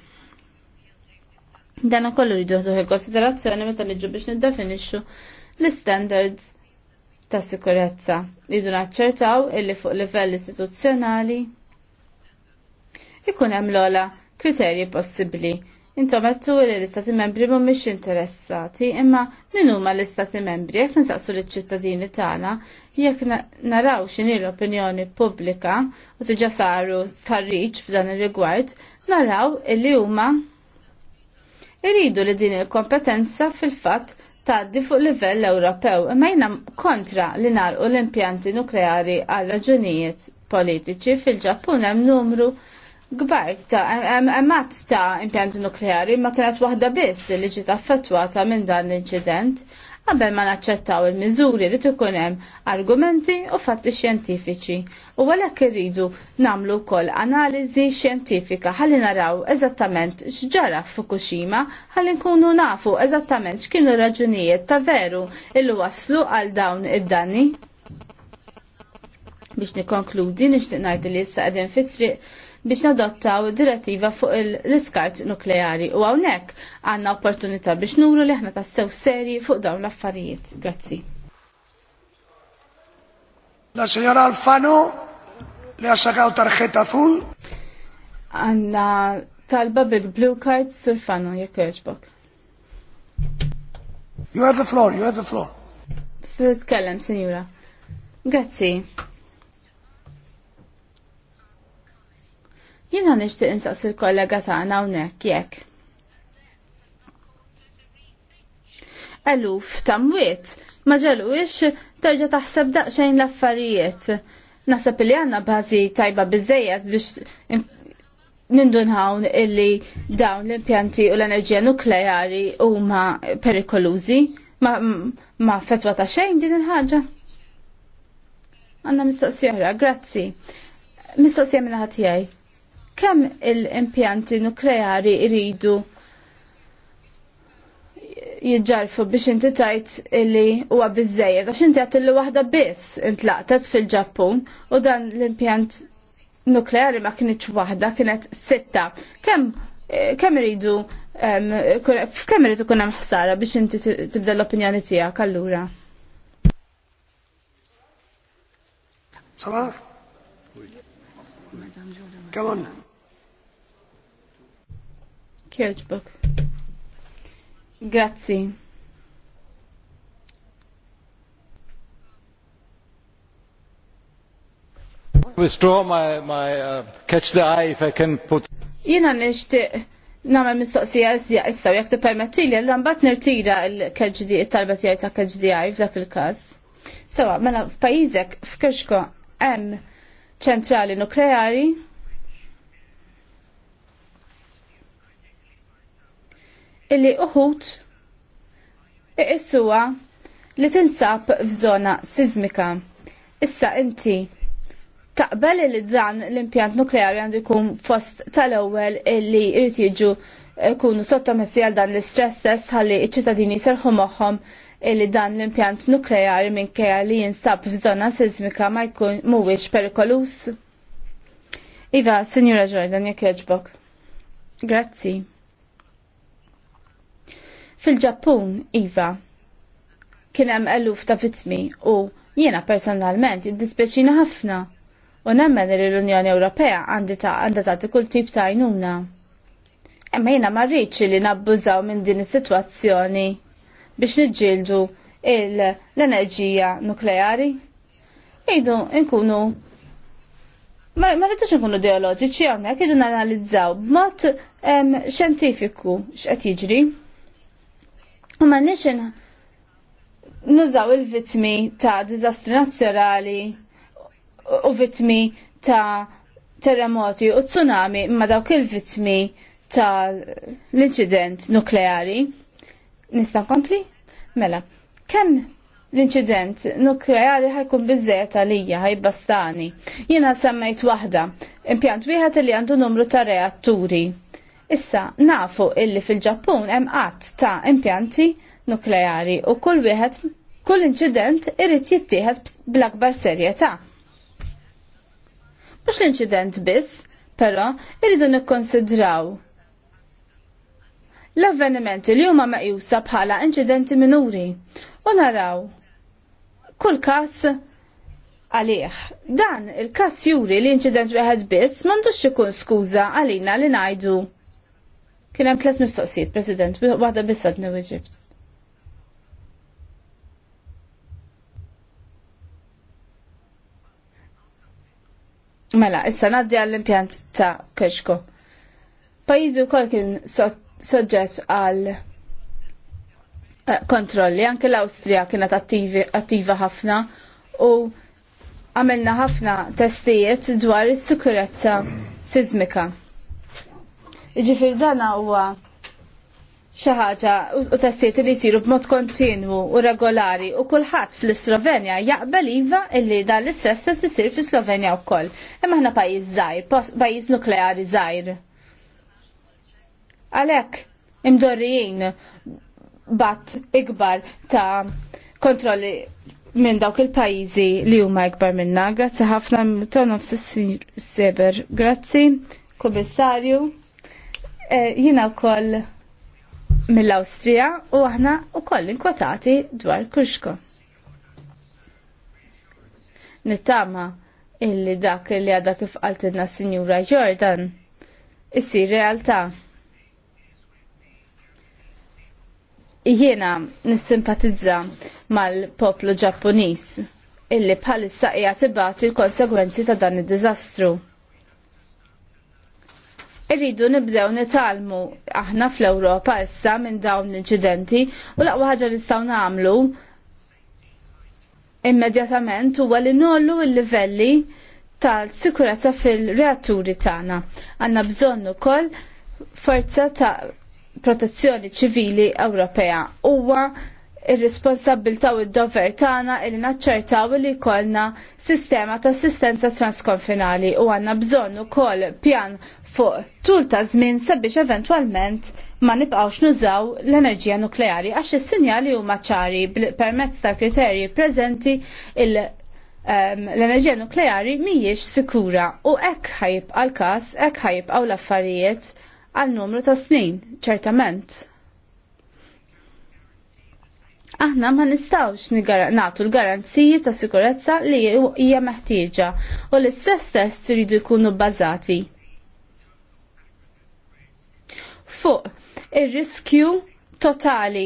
Dan ukoll jridu ħdu il-konsiderazzjoni meta niġu biex niddefinixxu l-standards ta' sikurezza. Jridu naċċertaw illi fuq livell istituzzjonali ikun hemm l-ola kriterji possibbli Intom għattu li l-istati membri mhumiex interessati, imma min huma l-istati membri jekk nsaqsu l-ċittadini tagħna, jekk naraw x'inhi l-opinjoni pubblika u tiġa saru starriċ f'dan ir-rigward, naraw li huma iridu li din il-kompetenza fil-fatt tgħaddi fuq livell Ewropew, imma jina kontra li nagħlqu l-impjanti nukleari għal raġunijiet politiċi fil-Ġappun hemm numru gbar ta' emmat ta' impjanti nukleari ma kienet waħda biss li ġiet affettwata minn dan l-inċident qabel ma naċċettaw il-miżuri li tkun hemm argumenti u fatti xjentifiċi. U għalhekk irridu nagħmlu wkoll analiżi xjentifika ħalli naraw eżattament x'ġara f'Fukushima ħalli nkunu nafu eżattament x'kienu raġunijiet ta' veru illi waslu għal dawn id-danni. Biex nikkonkludi nixtieq ngħid li issa qegħdin fi triq biex nadottaw direttiva fuq l-iskart nukleari u għawnek għanna opportunità biex nuru li ħna tassew seri fuq dawn l-affarijiet. Grazzi. La signora Alfano le ha sacato tarjeta azul. Għanna talba bil-blue card sulfano jekk joġbok. You have the floor, you have the floor. kellem, signora. Grazzi. Jiena nixtieq insaqs il-kollega tagħna hawnhekk jekk. Eluf ta' mwiet ma ġelwix terġa' taħseb daqsxejn l-affarijiet. Naħseb li għandna bażi tajba bizzejet biex nindunħawn illi dawn l-impjanti u l-enerġija nukleari huma perikolużi ma, ma fetwa ta' xejn din il-ħaġa. Għanna mistoqsija grazzi. Mistoqsija minna ħatijaj kemm il-impjanti nukleari iridu jidġarfu biex inti tajt li huwa bizzejjed għax inti għat illi waħda biss intlaqtet fil-Ġappun u dan l-impjant nukleari ma kienieċ waħda kienet sitta. Kemm kemm iridu kemm iridu kun hemm ħsara biex inti tibda l-opinjoni tiegħek allura? Sama? Come on jekk Grazzi. withdraw my, my uh, catch the eye if I can put. Jina nishtiq namel mistoqsija iżja issa u jek tippermetti li l mbagħad nirtira l-KGD it-talba tiegħi ta' KGDI f'dak il-każ. Sewa, mela f'pajjiżek f'Kirxko hemm ċentrali nukleari illi uħut iqissuwa li tinsab f'żona sizmika. Issa inti taqbel li dan l-impjant nukleari għandu jkun fost tal-ewwel illi jrid jiġu jkunu eh, sottomessi għal dan l-istress test ħalli iċ-ċittadini serħu moħħom li dan l-impjant nukleari minn kja li jinsab f'żona sismika ma jkun mhuwiex perikolus. Iva, Sinjura Jordan, jekk jogħġbok. Grazzi. Fil-Ġappun, Iva, kien hemm eluf ta' vittmi u jiena personalment jiddispeċina ħafna u nemmen li l-Unjoni Ewropea għandha tagħti kull tip ta' għajnuna. Imma jiena ma rridx li nabbużaw minn din is-sitwazzjoni biex niġġieldu l-enerġija nukleari. Ejdu, nkunu Ma rridux nkunu ideoloġiċi hawnhekk idu nanalizzaw b'mod xjentifiku x'qed jiġri. U ma nix nużaw il-vitmi ta' dizastri nazzjonali u vitmi ta' terremoti u tsunami ma' dawk il-vitmi ta' l-inċident nukleari. Nista' kompli? Mela, kemm l-inċident nukleari ħajkun bizzejt għalija ħajbastani. Jiena semmejt waħda, impjant wieħed li għandu numru ta' reatturi. Issa, nafu illi fil-Ġappun hemm qatt ta' impjanti nukleari u kull wieħed kull inċident irid jittieħed bl-akbar serjetà. Mhux l-inċident biss, però irridu nikkonsidraw l-avvenimenti li huma meqjusa bħala inċidenti minuri u naraw kull każ għalih. Dan il-każ juri li inċident wieħed biss m'għandux ikun skuża għalina li ngħidu Kien hemm tliet mistoqsijiet, President, waħda bissa dni Egypt. Mela, issa naddi għall-impjant ta' Kesko. Pajizu kol kien soġġet għal eh, kontrolli, anke l-Austria kienet attiva ħafna u għamilna ħafna testijiet dwar is-sikurezza sizmika. Ġifir dan huwa xi ħaġa u tastiet li jsiru b'mod kontinwu u regolari u kulħadd fl-Slovenja jaqbel iva illi dan l-istress test sir fi Slovenja wkoll. Imma aħna pajjiż żgħir, pajjiż nukleari żgħir. Għalhekk imdorrijin bat ikbar ta' kontrolli minn dawk il-pajjiżi li huma ikbar minna. Grazzi ħafna ton seber. Grazzi, Kommissarju. Eh, jina wkoll mill-Awstrija u aħna wkoll inkwatati dwar Kuxko. Nittama illi dak li għadha kif s Sinjura Jordan issi realtà. Jiena nissimpatizza mal-poplu Ġappuniż illi bħalissa hija tibati l-konsegwenzi ta' dan id-diżastru irridu nibdew nitalmu aħna fl-Ewropa issa minn dawn l-inċidenti u laqwa ħaġa nistgħu nagħmlu immedjatament huwa li nollu l-livelli tal-sikurezza fil-reatturi tagħna. Għandna bżonn ukoll forza ta' protezzjoni ċivili Ewropea. Huwa ir-responsabilta u id dover tagħna li naċċertaw li jkollna sistema ta' assistenza transkonfinali u għandna bżonn ukoll pjan fuq tul ta' żmien sabiex eventwalment ma nibqgħux nużaw l-enerġija nukleari għax is-sinjali huma ċari permezz ta' kriterji preżenti ehm, l-enerġija nukleari mhijiex sikura u hekk ħajibqa' l-każ, hekk ħajibqgħu l-affarijiet għal numru ta' snin, ċertament aħna ma nistawx nagħtu l-garanziji ta' sikurezza li hija meħtieġa u l-istess test iridu jkunu bbażati fuq ir-riskju totali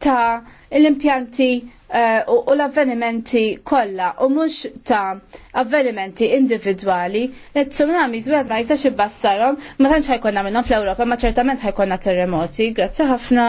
ta' l-impjanti eh, u uh, l-avvenimenti kollha u mhux ta' avvenimenti individwali li tsunami żwed ma jistax ibassarhom ma tantx ħajkonna minnhom fl-Ewropa ma ċertament ħajkonna terremoti. Grazzi ħafna.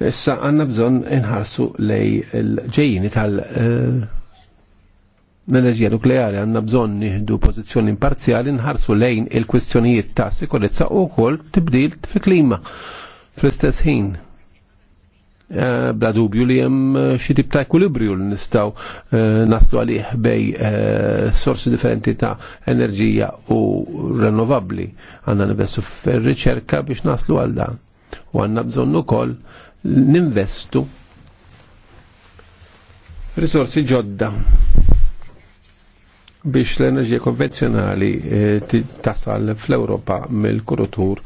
Issa għanna bżon inħarsu lej l-ġejjini tal- l-enerġija eh, nukleari għanna bżon nieħdu pożizzjoni imparzjali nħarsu lejn il-kwistjonijiet ta' sikurezza u wkoll tibdil fil-klima fl-istess ħin. Eh, bla dubju li hemm eh, xi tip ta' ekwilibrju li nistgħu naslu għalih bej sorsi differenti ta' enerġija u rinnovabbli. Għandna nivessu fir-riċerka biex naslu għal dan. U għandna bżonn ukoll ninvestu risorsi ġodda biex l-enerġija konvenzjonali eh, tasal fl-Europa mill-kurutur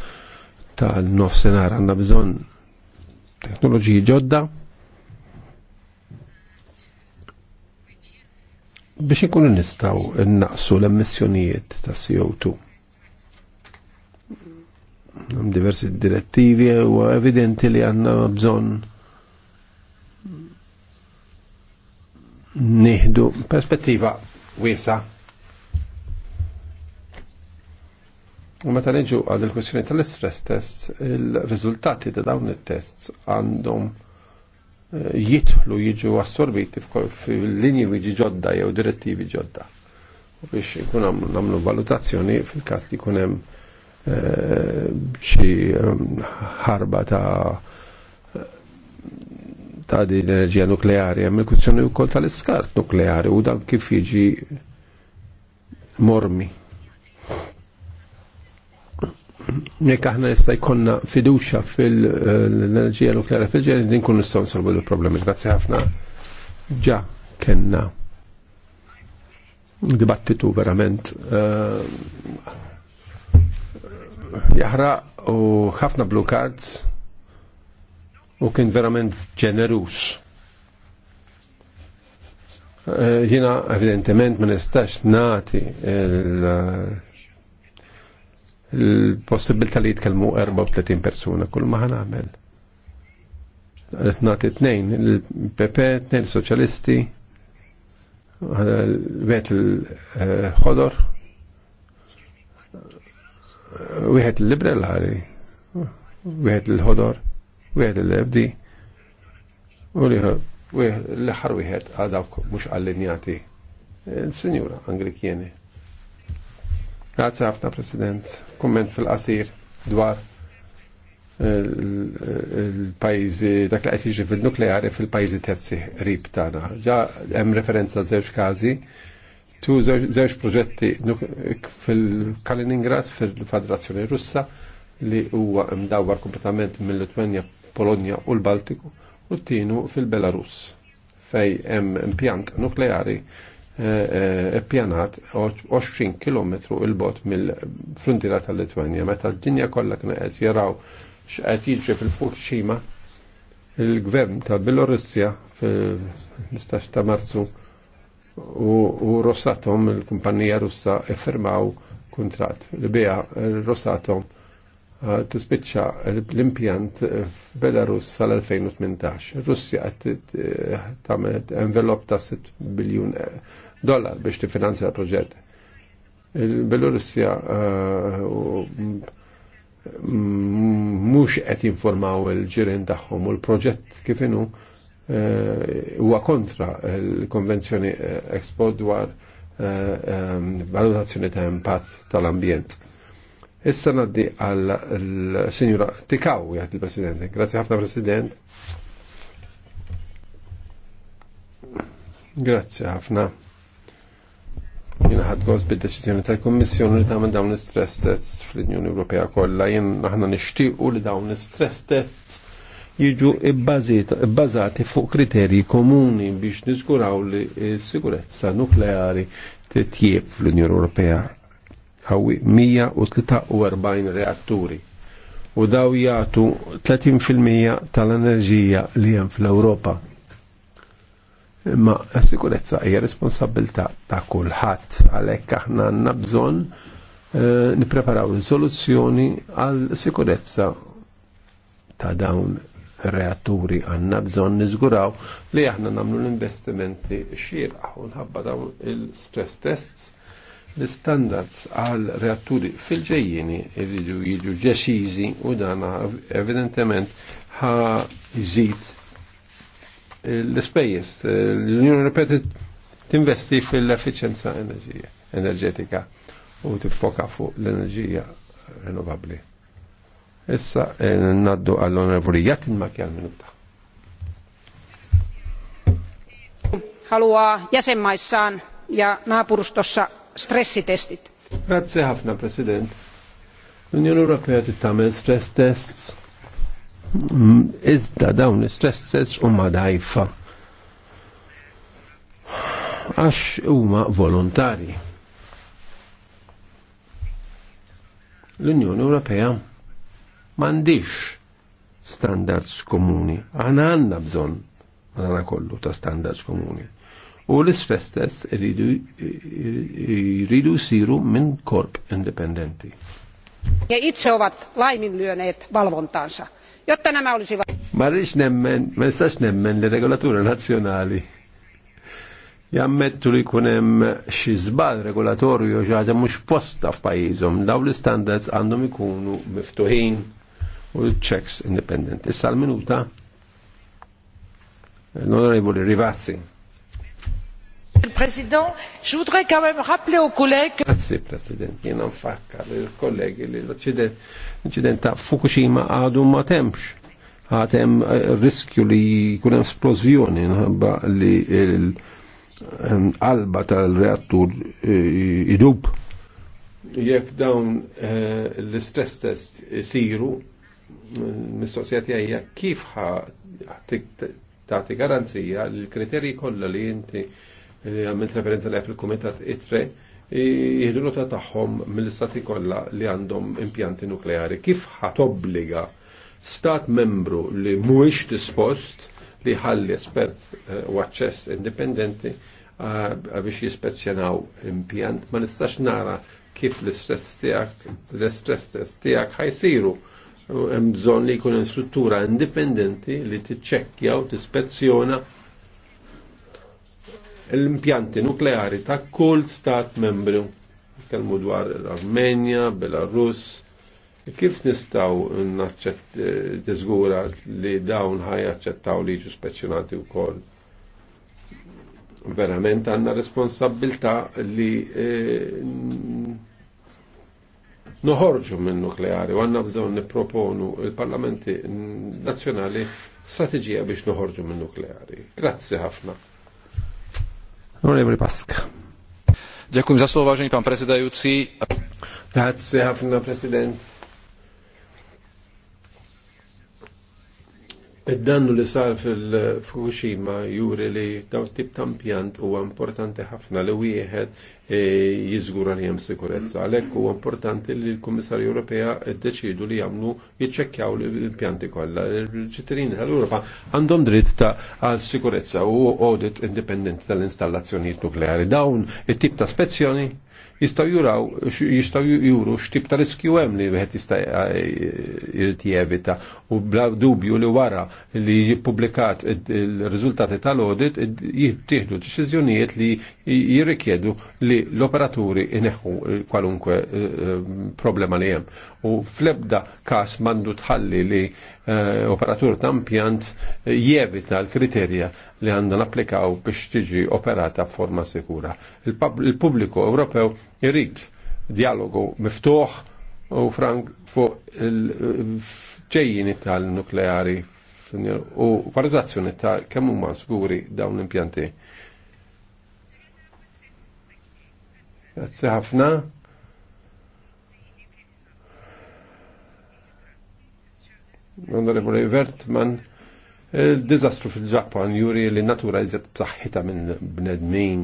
tal-nofsenar għanna bżon teknoloġiji ġodda biex ikunu nistaw naqsu l-emissjonijiet ta' CO2 diversi direttivi u evidenti li għanna bżon nieħdu perspettiva wiesa. U meta niġu għal il-kwestjoni tal-istress test, il-riżultati ta' dawn it test għandhom eh, jitħlu jiġu assorbiti fil-linji wiġi ġodda jew direttivi ġodda. U biex ikun namlu valutazzjoni fil-kas li kunem hemm xi ehm, ħarba ta' ta' din enerġija nukleari, hemm il-kwistjoni wkoll tal-iskart nukleari u dan kif jiġi mormi. Jekk aħna nista' jkollna fiduċja fil-enerġija nukleari fil-ġeni din kun nistgħu nsolvu l problemi Grazzi ħafna. Ġa kenna dibattitu verament uh, jaħraq u ħafna blue cards u kien verament ġenerus. Eh, jina evidentement ma nistax nati il possibilta li jitkellmu 34 persuna kull ma ħanamel. Għalet nati t-nejn, il-PP, t-nejn il-Soċjalisti, għet il-Ħodor, eh, wieħed il l ħali, wieħed il ħodor wieħed il ebdi u l-ħar wieħed għadawk mux għallinjati. Il-Sinjura Anglikjeni. Grazie ħafna President. Komment fil-qasir dwar il-pajzi, dak li qed fil-nukleari fil-pajzi terzi rib tana. Ġa hemm referenza zewġ kazi tu zewġ proġetti fil-Kaliningrad fil-Federazzjoni Russa li huwa mdawwar kompletament mill-Litwenja, Polonja u l-Baltiku u t-tienu fil-Belarus fej hemm impjant nukleari pjanat 20 km il-bot mill-frontiera tal-Litwenja. Meta d-dinja kollha kien qed jaraw x'qed jiġri fil-Fukushima, il-gvern tal-Belorussja fil-15 ta' Marzu u Rosatom, il-kumpanija russa, effermaw kontrat li bija Rosatom eh, tispiċċa l-impjant eh, f'Belarus sal-2018. Russja qed eh, tagħmel envelop ta' 6 biljun dollar biex tifinanzja l-proġett. il belarusja mhux qed jinformaw il ġirin tagħhom u l-proġett kif inhu Eh, huwa kontra l-konvenzjoni eh, Expo dwar eh, ehm, valutazzjoni ta' impatt tal-ambjent. Issa naddi għal signora sinjura Tikaw, jgħat il-President. Grazie ħafna, President. Grazie ħafna. Jina ħad għos bid-deċizjoni tal-Kommissjoni li tamen dawn l-stress tests fl-Unjoni Ewropea kollha. Jien aħna nixtiequ li dawn l-stress tests jiġu bbażati fuq kriterji komuni biex niżguraw li s-sigurezza nukleari tjieb fl-Unjoni Ewropea għawi 143 reatturi u daw jagħtu 30% tal-enerġija li hemm fl-Ewropa. Ma s-sigurezza hija responsabilità ta' kulħadd għalhekk aħna għandna bżonn eh, nipreparaw il-soluzzjoni għal sikurezza ta' dawn reatturi għanna bżon nizguraw li aħna namlu l-investimenti xir u nħabba daw il-stress tests l-standards għal reatturi fil-ġejjini irridu jiġu ġeċizi u dana evidentement ħa jżid l-spejjes. L-Unjoni Europea tinvesti fil-efficienza enerġetika u tiffoka fuq l-enerġija rinnovabli. Issa eh, naddu għall-onorevoli Jatin ma Makjal minuta. Haluaa jäsenmaissaan ja naapurustossa stressitestit. Grazie ħafna, President. L-Unjoni Ewropea tittamel stress tests. Mm, iżda dawn stress tests huma dajfa. Għax huma volontari. L-Unjoni Ewropea mandiċ standards komuni. Għana għanna bżon għana kollu ta' standards komuni. U l-isfess stess jridu jsiru minn korp independenti. Ja itse ovat laiminlyöneet valvontaansa, jotta nämä olisivat... Ma rix nemmen, ma nistax nemmen li regolatura nazjonali jammettu li kunem xizbal żball regolatorju xi ħaġa mhux posta f'pajjiżhom, daw li standards għandhom ikunu miftuħin u checks independent. Issa l-minuta l-onorevoli Rivassi. Il-President, je voudrais quand même rappeler aux collègues. Grazie President, Jien nfakka l kollegi li l-incident ta' Fukushima għadu ma temx. Għatem eh, riskju li kunem esplosjoni nħabba li l-alba tal-reattur eh, idub. Jek dawn eh, l-stress test siru mistoqsija tiegħi kif tagħti garanzija li l-kriterji kollha li inti għamilt referenza li fil-Kumitat ITRE jihdu ta' tagħhom mill-istati kollha li għandhom impjanti nukleari. Kif ħatobbliga stat membru li mhuwiex dispost li ħalli espert eh, u għacċess indipendenti biex jispezzjonaw impjant ma nistax nara kif l-istress tijak, l-istress tiegħek ħajsiru hemm bżonn li jkun hemm struttura indipendenti li tiċċekkja u tispezzjona l-impjanti nukleari ta' kull stat membru. Kelmu dwar l-Armenja, Belarus, kif nistaw tiżgura li dawn li liġu spezzjonati wkoll? Verament għandna responsabilta li eh, noħorġu minn nukleari u għanna bżon niproponu il-parlamenti nazjonali strategija biex noħorġu minn nukleari. Grazzi ħafna. Onorevoli Paska. Dziękuję za słowa, vážený pan prezydajuci. Grazie, ħafna president. Id-dannu li sar fil-Fukushima juri li daw tip tampjant u huwa importanti ħafna li wieħed E jizgura li sikurezza. Għalhekk huwa importanti li l-Kummissarju Ewropea id-deċidu li jagħmlu jiċċekkjaw l-impjanti kollha. l ċittadini tal europa għandhom dritt ta' għal sikurezza u audit indipendenti tal-installazzjonijiet nukleari. Dawn it-tip ta' spezzjoni jistaw juraw, jistaw juru x'tip ta' riskju hemm li wieħed jista' jrid jevita u bla dubju li wara li jippubblikat il-riżultati tal-audit jittieħdu deċiżjonijiet li jirrikjedu li l-operaturi ineħħu kwalunkwe eh, eh, problema li hemm. U fl-ebda każ mandu tħalli li Eh, operatur ta' impjant eh, jevita l-kriterja li għandhom applikaw biex tiġi operata f'forma sikura. Il-pubbliku Ewropew irrid dialogu miftuħ u frank fuq il-ġejjini eh, tal-nukleari u valutazzjoni ta' kemm huma sguri dawn l-impjanti. Grazie ħafna. Onorevoli Vertman, il-dizastru fil-Ġapan juri li natura jizet b'saħħita minn bnedmin.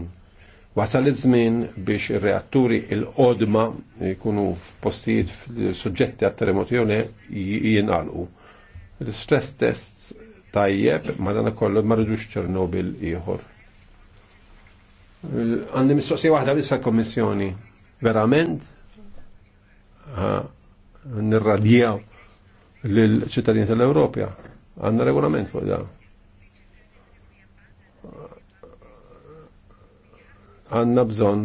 Wasal iż-żmien biex ir-reatturi il-qodma jkunu f'postijiet suġġetti għat terremoti jew jingħalqu. Il-stress tests tajjeb ma dan kollu ma rridux Ċernobil ieħor. Għandi mistoqsija waħda bissa l-Kommissjoni. Verament nirradjaw l-ċittadini tal-Europja. Għanna regolament fuq da. Għanna bżon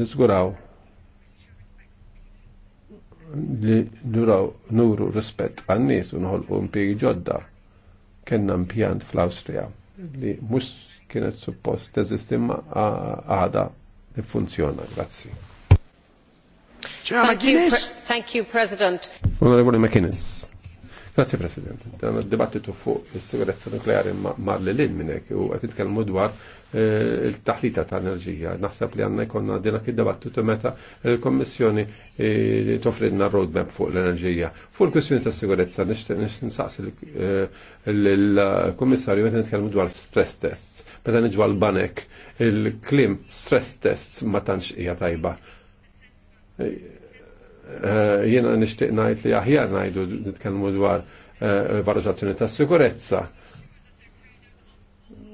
nizguraw li nuraw nuru rispet għannis u nħolqu impiegi ġodda. Kenna impjant fl-Austria li mux kienet suppost teżistimma għada li funzjona. Grazzi. Thank you, President. Onorevole McInnes. Grazie President. Dan id-dibattitu fuq is-sigurezza nukleari mar li lin minnek u qed nitkellmu dwar eh, il-taħlita ta' enerġija. Naħseb li għandna jkollna dinak id-dibattitu meta il kommissjoni eh, toffrilna roadmap fuq l-enerġija. Fuq il-kwistjoni ta' sigurezza nixtieq nsaqs il-Kummissarju eh, meta nitkellmu dwar stress tests. Meta niġu banek il-klim stress tests ma tantx hija tajba Eh, jiena nixtieq ngħid li aħjar ngħidu nitkellmu dwar eh, valutazzjoni ta' sikurezza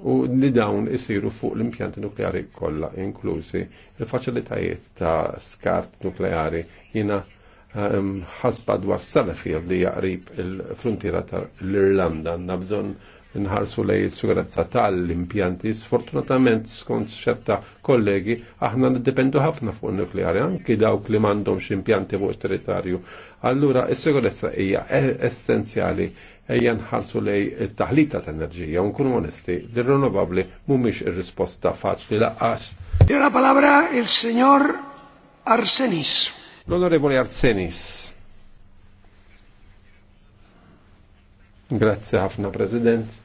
u li dawn isiru fuq l-impjanti nukleari kollha inklusi il-faċilitajiet ta' skart nukleari jiena eh, ħasba dwar Sellafield li jaqrib il-frontiera tal-Irlanda nabżon bżonn nħarsu lej il sigurezza tal-impjanti, sfortunatament skont ċerta kollegi, aħna n-dependu ħafna fuq il-nukleari, anki dawk li m'għandhomx impjanti fuq territorju. Allura, s sigurezza hija e-, essenzjali ejja nħarsu lej il-taħlita ta' enerġija, unkun onesti, dir-renovabli mhumiex ir-risposta faċli laqqax. la palabra il-Signor Arsenis. L-Onorevoli Arsenis. Grazie ħafna President.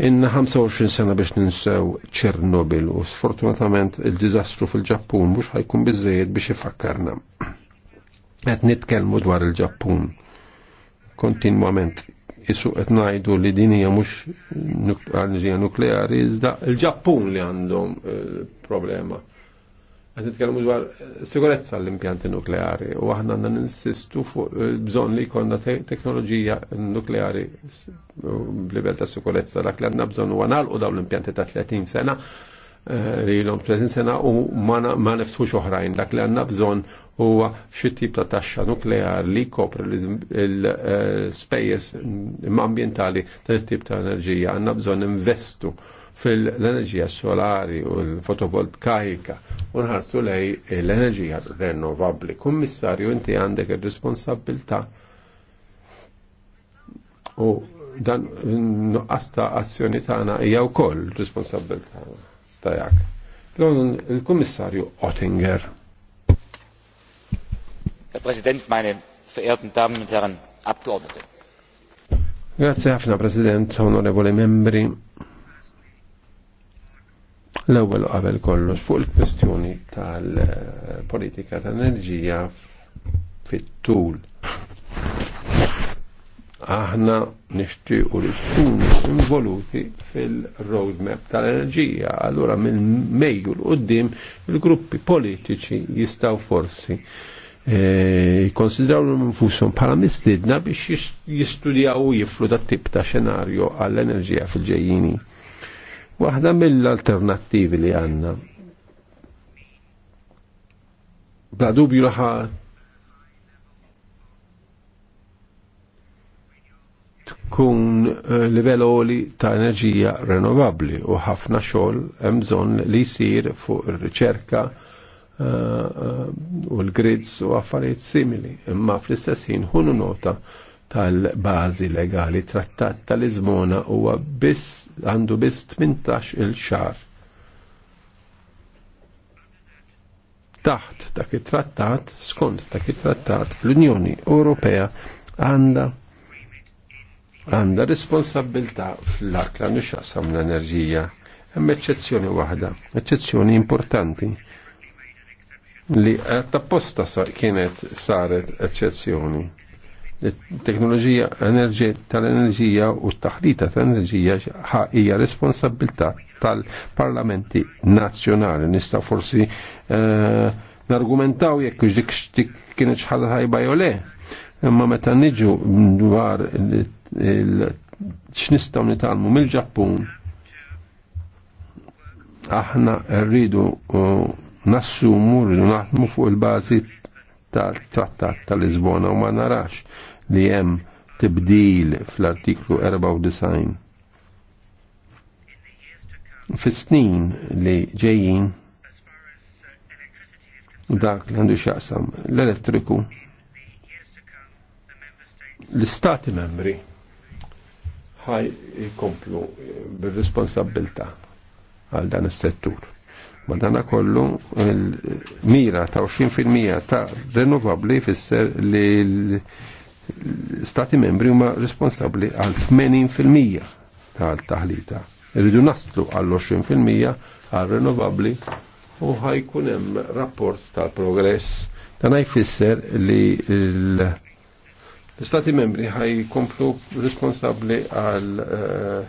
Inna 25 sena biex ninsew Ċernobil u sfortunatament il-dizastru fil-Ġappun mhux ħajkun biżejjed biex ifakkarna. Qed nitkellmu dwar il-Ġappun kontinwament isu qed ngħidu li din hija mhux enerġija nukleari iżda il-Ġappun li għandhom eh, problema. Għad nitkellmu dwar eh, sigurezza l-impjanti nukleari u aħna għandna ninsistu fuq eh, bżonn li jkollna teknoloġija nukleari b'livell ta' sigurezza dak li għandna bżonn huwa nagħlqu daw l-impjanti ta' 30 sena eh, li l-om 30 sena u ma neftħux oħrajn dak li għandna bżonn huwa xi tip ta' taxxa nukleari li kopri l-spejjeż ambientali tal tip ta' enerġija għandna bżonn investu fil-enerġija solari u l-fotovoltaika u nħarsu lej l-enerġija rinnovabli. Kummissarju, inti għandek il-responsabilta u dan nuqqas ta' azzjoni tagħna hija wkoll responsabilità tajak. Lon il-Kummissarju Ottinger. Herr Präsident, meine verehrten Damen und Herren Abgeordnete. Grazie ħafna President, onorevole membri. L-ewwel qabel kollox fuq il-kwestjoni tal-politika tal-enerġija fit-tul. Aħna nixtiequ li tkun involuti fil-roadmap tal-enerġija. Allura minn mejju l qoddim il-gruppi politiċi jistaw forsi jikonsidraw e, l bħala mistidna biex jistudjaw jiflu tat tip ta' xenarju għall-enerġija fil-ġejjini. Waħda mill-alternattivi li għanna. Bla dubju laħa tkun eh, livelloli ta' enerġija renovabli u ħafna xogħol hemm bżonn li jsir fuq ir-riċerka eh, eh, u l-grids u affarijiet simili. Imma fl-istess ħin nota tal-bazi legali. Trattat tal-Izmona huwa biss għandu biss 18 il-xar. Taħt dak it-trattat, skont dak it-trattat, l-Unjoni Ewropea għandha għandha responsabilità fl-akla għandu xaqsam l-enerġija. Hemm eċċezzjoni waħda, eċċezzjoni importanti li tapposta kienet saret eċċezzjoni teknoloġija tal-enerġija u t-taħlita tal-enerġija hija responsabilità tal-parlamenti nazzjonali. Nista' forsi eh, nargumentaw jekk dik kienet xħal ħajba jew le. Imma meta niġu dwar x'nistgħu nitalmu mill-Ġappun aħna rridu eh, nassumu rridu naħdmu fuq il-bażi tal-trattat tal-Lisbona u ma narax li jem tibdil fl-artiklu 94. Fis-snin li ġejjin dak li għandu xaqsam l-elettriku l-istati membri ħaj jkomplu bil-responsabilta għal dan is-settur. Ma dana kollu il-mira ta' 20% ta' renovabli fisser li stati membri huma responsabbli għal 80% tal-taħlita. Irridu naslu għal 20% għal renovabli u ħajkun hemm rapport tal-progress dan jfisser li l-Stati membri ħaj komplu responsabli għal uh,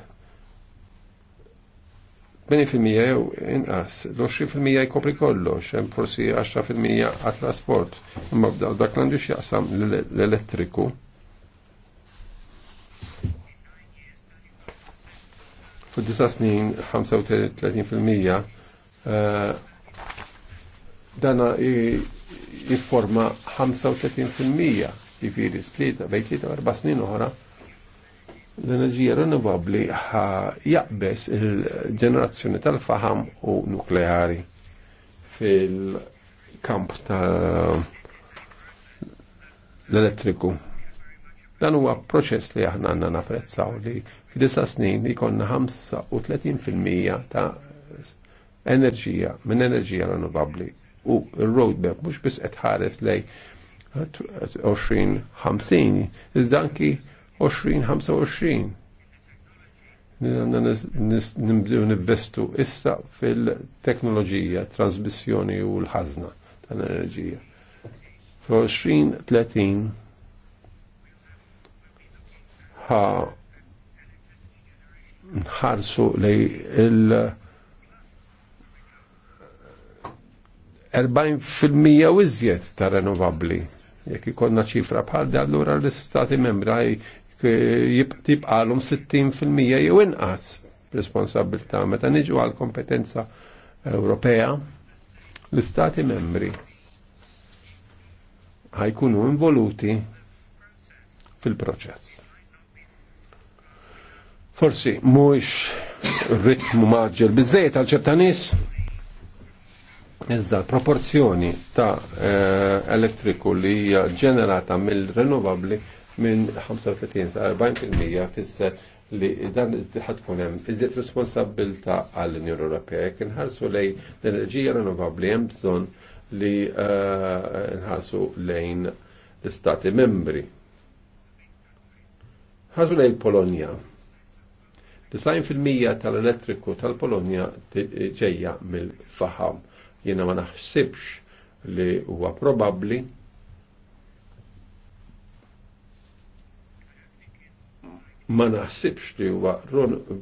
80% jew inqas, l-20% jkopri kollox, hemm forsi 10% għat-trasport, imma dak l-għandux jaqsam l-elettriku. Fu disa snin 35% eh, dana jifforma 35% jifiri slita, bejt li ta' 4 snin oħra l-enerġija rinnovabbli jaqbes il-ġenerazzjoni tal-faham u nukleari fil-kamp tal-elettriku. Dan huwa proċess li aħna għandna naprezzaw li f'disa snin li konna 35% ta' enerġija minn enerġija rinnovabbli u il roadmap mhux biss qed ħares lej 2050 iżda anki 2025. Nibdew nivvestu issa fil-teknoloġija, transmissjoni u l-ħazna tal-enerġija. Fu 30 ħa nħarsu li il- 40% u iżjed ta' renovabli. Jekk ikonna ċifra bħal allura l-istati membri Eh, tibqalhom 60% jew inqas responsabilità meta niġu għal kompetenza Ewropea l-istati membri ħajkunu involuti fil-proċess. Forsi mhuwiex ritmu maġġel biżejjed għal ċerta nies, iżda proporzjoni ta' eh, elettriku li hija ġenerata mill-renovabbli minn 35 sa 40% fisser li dan iżdiħat kunem iżdiet responsabilta għall-Unjoni Ewropea jekk inħarsu lejn l-enerġija rinnovabbli hemm bżonn li eh, nħarsu lejn l-istati membri. Ħarsu lejn Polonja. 90% tal-elettriku tal-Polonja ġejja mill-faħam. Jiena ma naħsibx li huwa probabbli ma naħsibx li huwa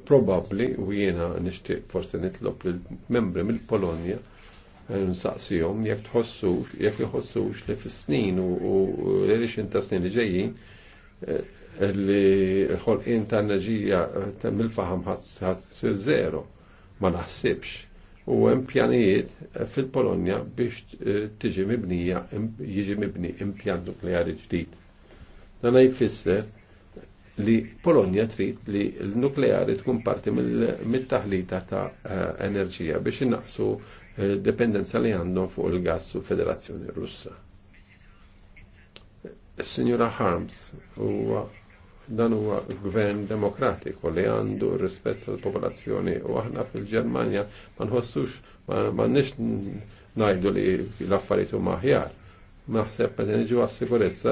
probabbli u jiena nixtieq forsi nitlob lil membri mill-Polonja eh, nsaqsihom jekk tħossux jekk iħossux li fis-snin u l-irixin ta' snin li ġejjin eh, li ħolqien ta' enerġija eh, mill-faham ħadd zero ma naħsibx. U hemm pjanijiet fil-Polonja biex tiġi mibnija jiġi mibni impjant nukleari ġdid. Dan jfisser li Polonja trid li l-nukleari tkun parti mill-taħlita ta' eh, enerġija biex innaqsu eh, dependenza li għandhom fuq il-gas u federazzjoni Russa. Signora Harms huwa dan huwa gvern demokratiku li għandu rispett tal popolazzjoni u aħna fil-Ġermanja ma nħossux ma nix najdu li l-affarijiet huma aħjar. Maħseb meta niġu għas-sigurezza,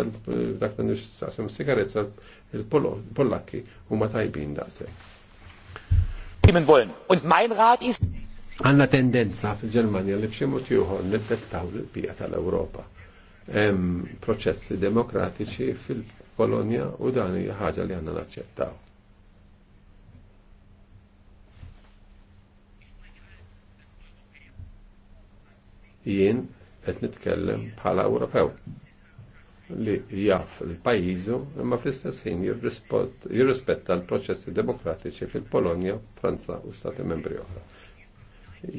dak għas nixtaqsem sigurezza, il-Pollakki u ma tajbin daqse. daqshekk. Und mein Rat is. Għanna tendenza fil-Ġermanja li bximut juħor nettettaw l-bija tal-Europa. Proċessi demokratiċi fil polonia u dani ħagġa li għanna naċċettaw. jien qed nitkellem bħala Ewropew li jaf il pajizu imma fl-istess ħin jirrispetta l-proċessi demokratiċi fil-Polonja, Franza u Stati membri oħra.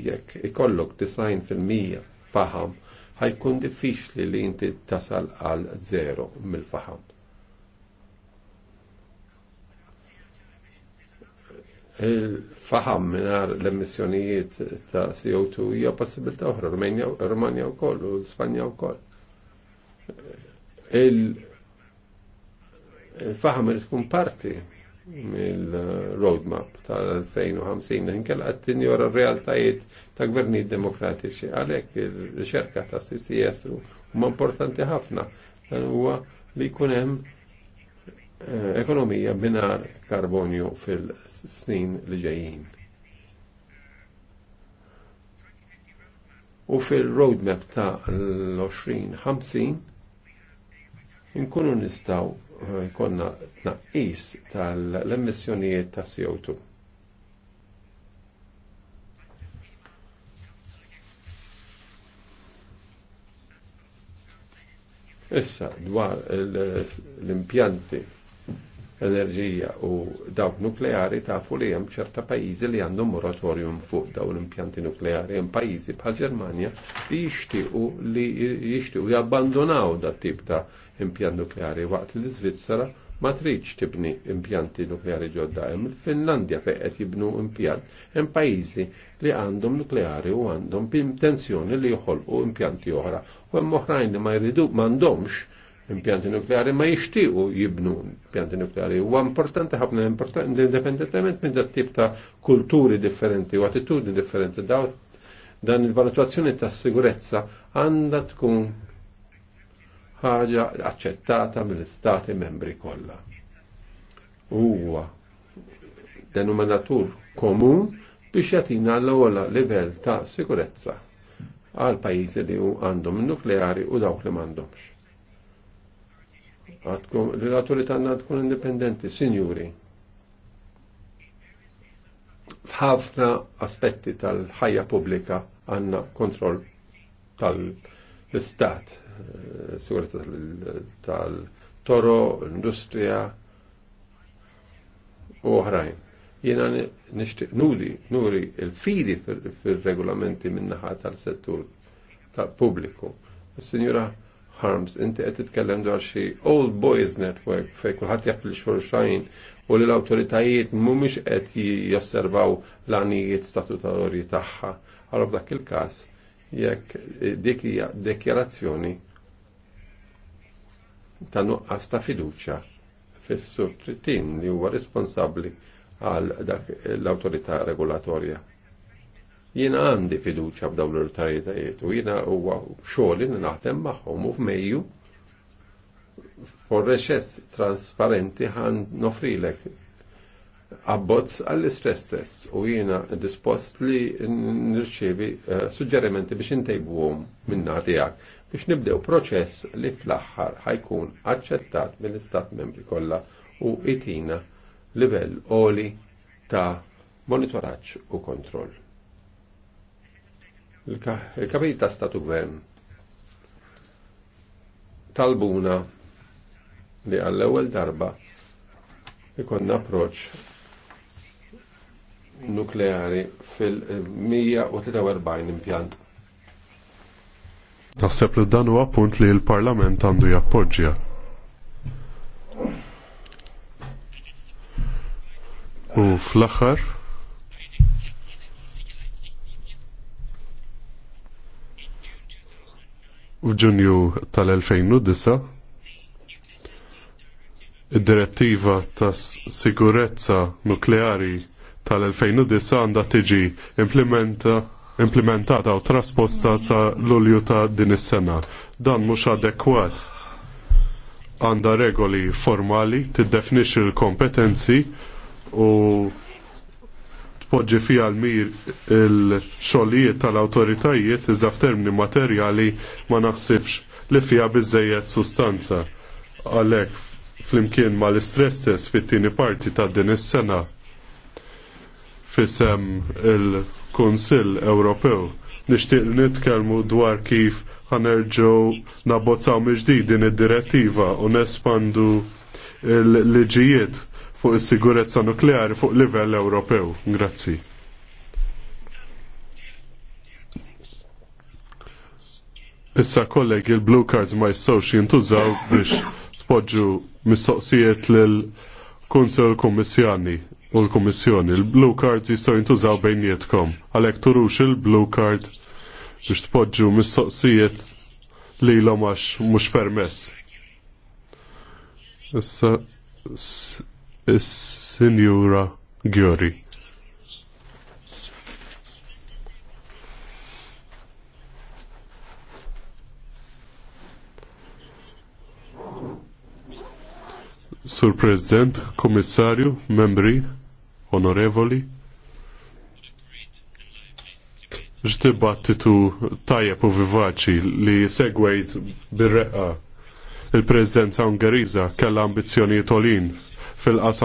Jekk ikollok design fil-mija faham, ħajkun diffiċli li inti tasal għal zero mill-faham. il-faham minar l-emissjonijiet ta' CO2 hija possibilità oħra, Rumanja koll u Spanja u koll. Il-faham irid tkun parti mill-roadmap tal-2050 inkella qed tinjora r-realtajiet ta' gvernijiet demokratiċi għalek il riċerka ta' CCS u ma' importanti ħafna dan huwa li kunem hemm Eh, ekonomija binar karbonju fil-snin li ġejjin. U fil-roadmap ta' l-2050 nkunu nistaw jkonna eh, tnaqqis tal-emissjonijiet ta' CO2. Issa, dwar l-impjanti enerġija u dawk nukleari tafu li hemm ċerta pajjiżi li għandhom moratorium fuq daw l-impjanti nukleari hemm pajjiżi bħal Ġermanja li jixtiequ li jixtiequ jabbandonaw dat tip ta' impjant nukleari waqt li l-Iżvizzera ma tridx tibni impjanti nukleari ġodda hemm il-Finlandja fejn qed jibnu impjant hemm pajjiżi li għandhom nukleari u għandhom intenzjoni li joħolqu impjanti oħra u hemm oħrajn li ma jridu m'għandhomx impjanti nukleari ma jixtiequ jibnu impjanti nukleari. Huwa importanti ħafna importanti indipendentement minn dat tip ta' kulturi differenti u attitudni differenti daw dan il-valutazzjoni ta' sigurezza għandha tkun ħaġa aċċettata mill-istati membri kollha. Huwa denominatur komun biex jagħtina l ewwel livell ta' sigurezza għal pajjiżi li għandhom nukleari u dawk li m'għandhomx L-autorità għandna tkun indipendenti, sinjuri. F'ħafna aspetti tal-ħajja pubblika għandna kontroll tal-istat, sigurezza tal-toro, industrija u oħrajn. Jiena nixtieq nuri, nuri il-fidi fir regolamenti min-naħa tal-settur tal-pubbliku. Signora Harms, inti qed titkellem dwar xi Old Boys Network fejn kulħadd jaf li xorxajn u li l-awtoritajiet mhumiex qed josservaw l-għanijiet statutorji tagħha. Allora b'dak il-każ jekk dik hija dekjarazzjoni ta' nuqqas ta' fiduċja fis-sur Trittin li huwa responsabbli għal dak l-awtorità regolatorja. Jiena għandi fiduċa b'daw l-autoritajiet u jiena huwa xogħol li naħdem magħhom u f'Mejju f'reċess trasparenti ħan nofrilek abbozz għall-istress test u jiena dispost li nirċevi eh, suġġerimenti biex intejbuhom minna għatijak biex nibdew proċess li fl-aħħar ħajkun aċċettat mill-Istat membri kollha u itina livell oli ta' monitoraġġ u kontroll. Il-kapit ta' statu gvern talbuna li għall-ewwel darba ikonna approċ nukleari fil-143 impjant. Taħseb li dan huwa punt li l-Parlament għandu jappoġġja. U fl-aħħar F'Ġunju tal-2009 id-direttiva tas sigurezza nukleari tal-2009 għandha tiġi implementa implementata u trasposta sa l-ulju ta' din is-sena. Dan mhux adekwat għandha regoli formali tiddefinixxi l-kompetenzi u tpoġġi fija l-mir il-xogħlijiet tal-awtoritajiet iżda f'termini materjali ma naħsibx li fija biżejjed sustanza. Għalhekk flimkien mal istress test fit-tieni parti ta' din is-sena fisem il-Kunsill Ewropew nixtieq nitkellmu dwar kif ħanerġgħu nabbozzaw miġdi din id-direttiva u nespandu l-liġijiet fuq is-sigurezza nukleari fuq livell Ewropew. Grazzi. Issa kollegi il-blue cards ma jistawx jintużaw biex tpoġġu mistoqsijiet lil kunsel kommissjani u l-kommissjoni. Il-blue cards jistaw jintużaw bejnietkom. Għalek turux il-blue card biex tpoġġu mistoqsijiet li l-omax mux permess. Issa is-Sinjura Gjori. Sur President, Komissarju, Membri, Onorevoli, ġdibattitu tajjeb u vivaċi li segwejt birreqa il-Presidenza Ungeriża kellha ambizjoni tolin fil-qasam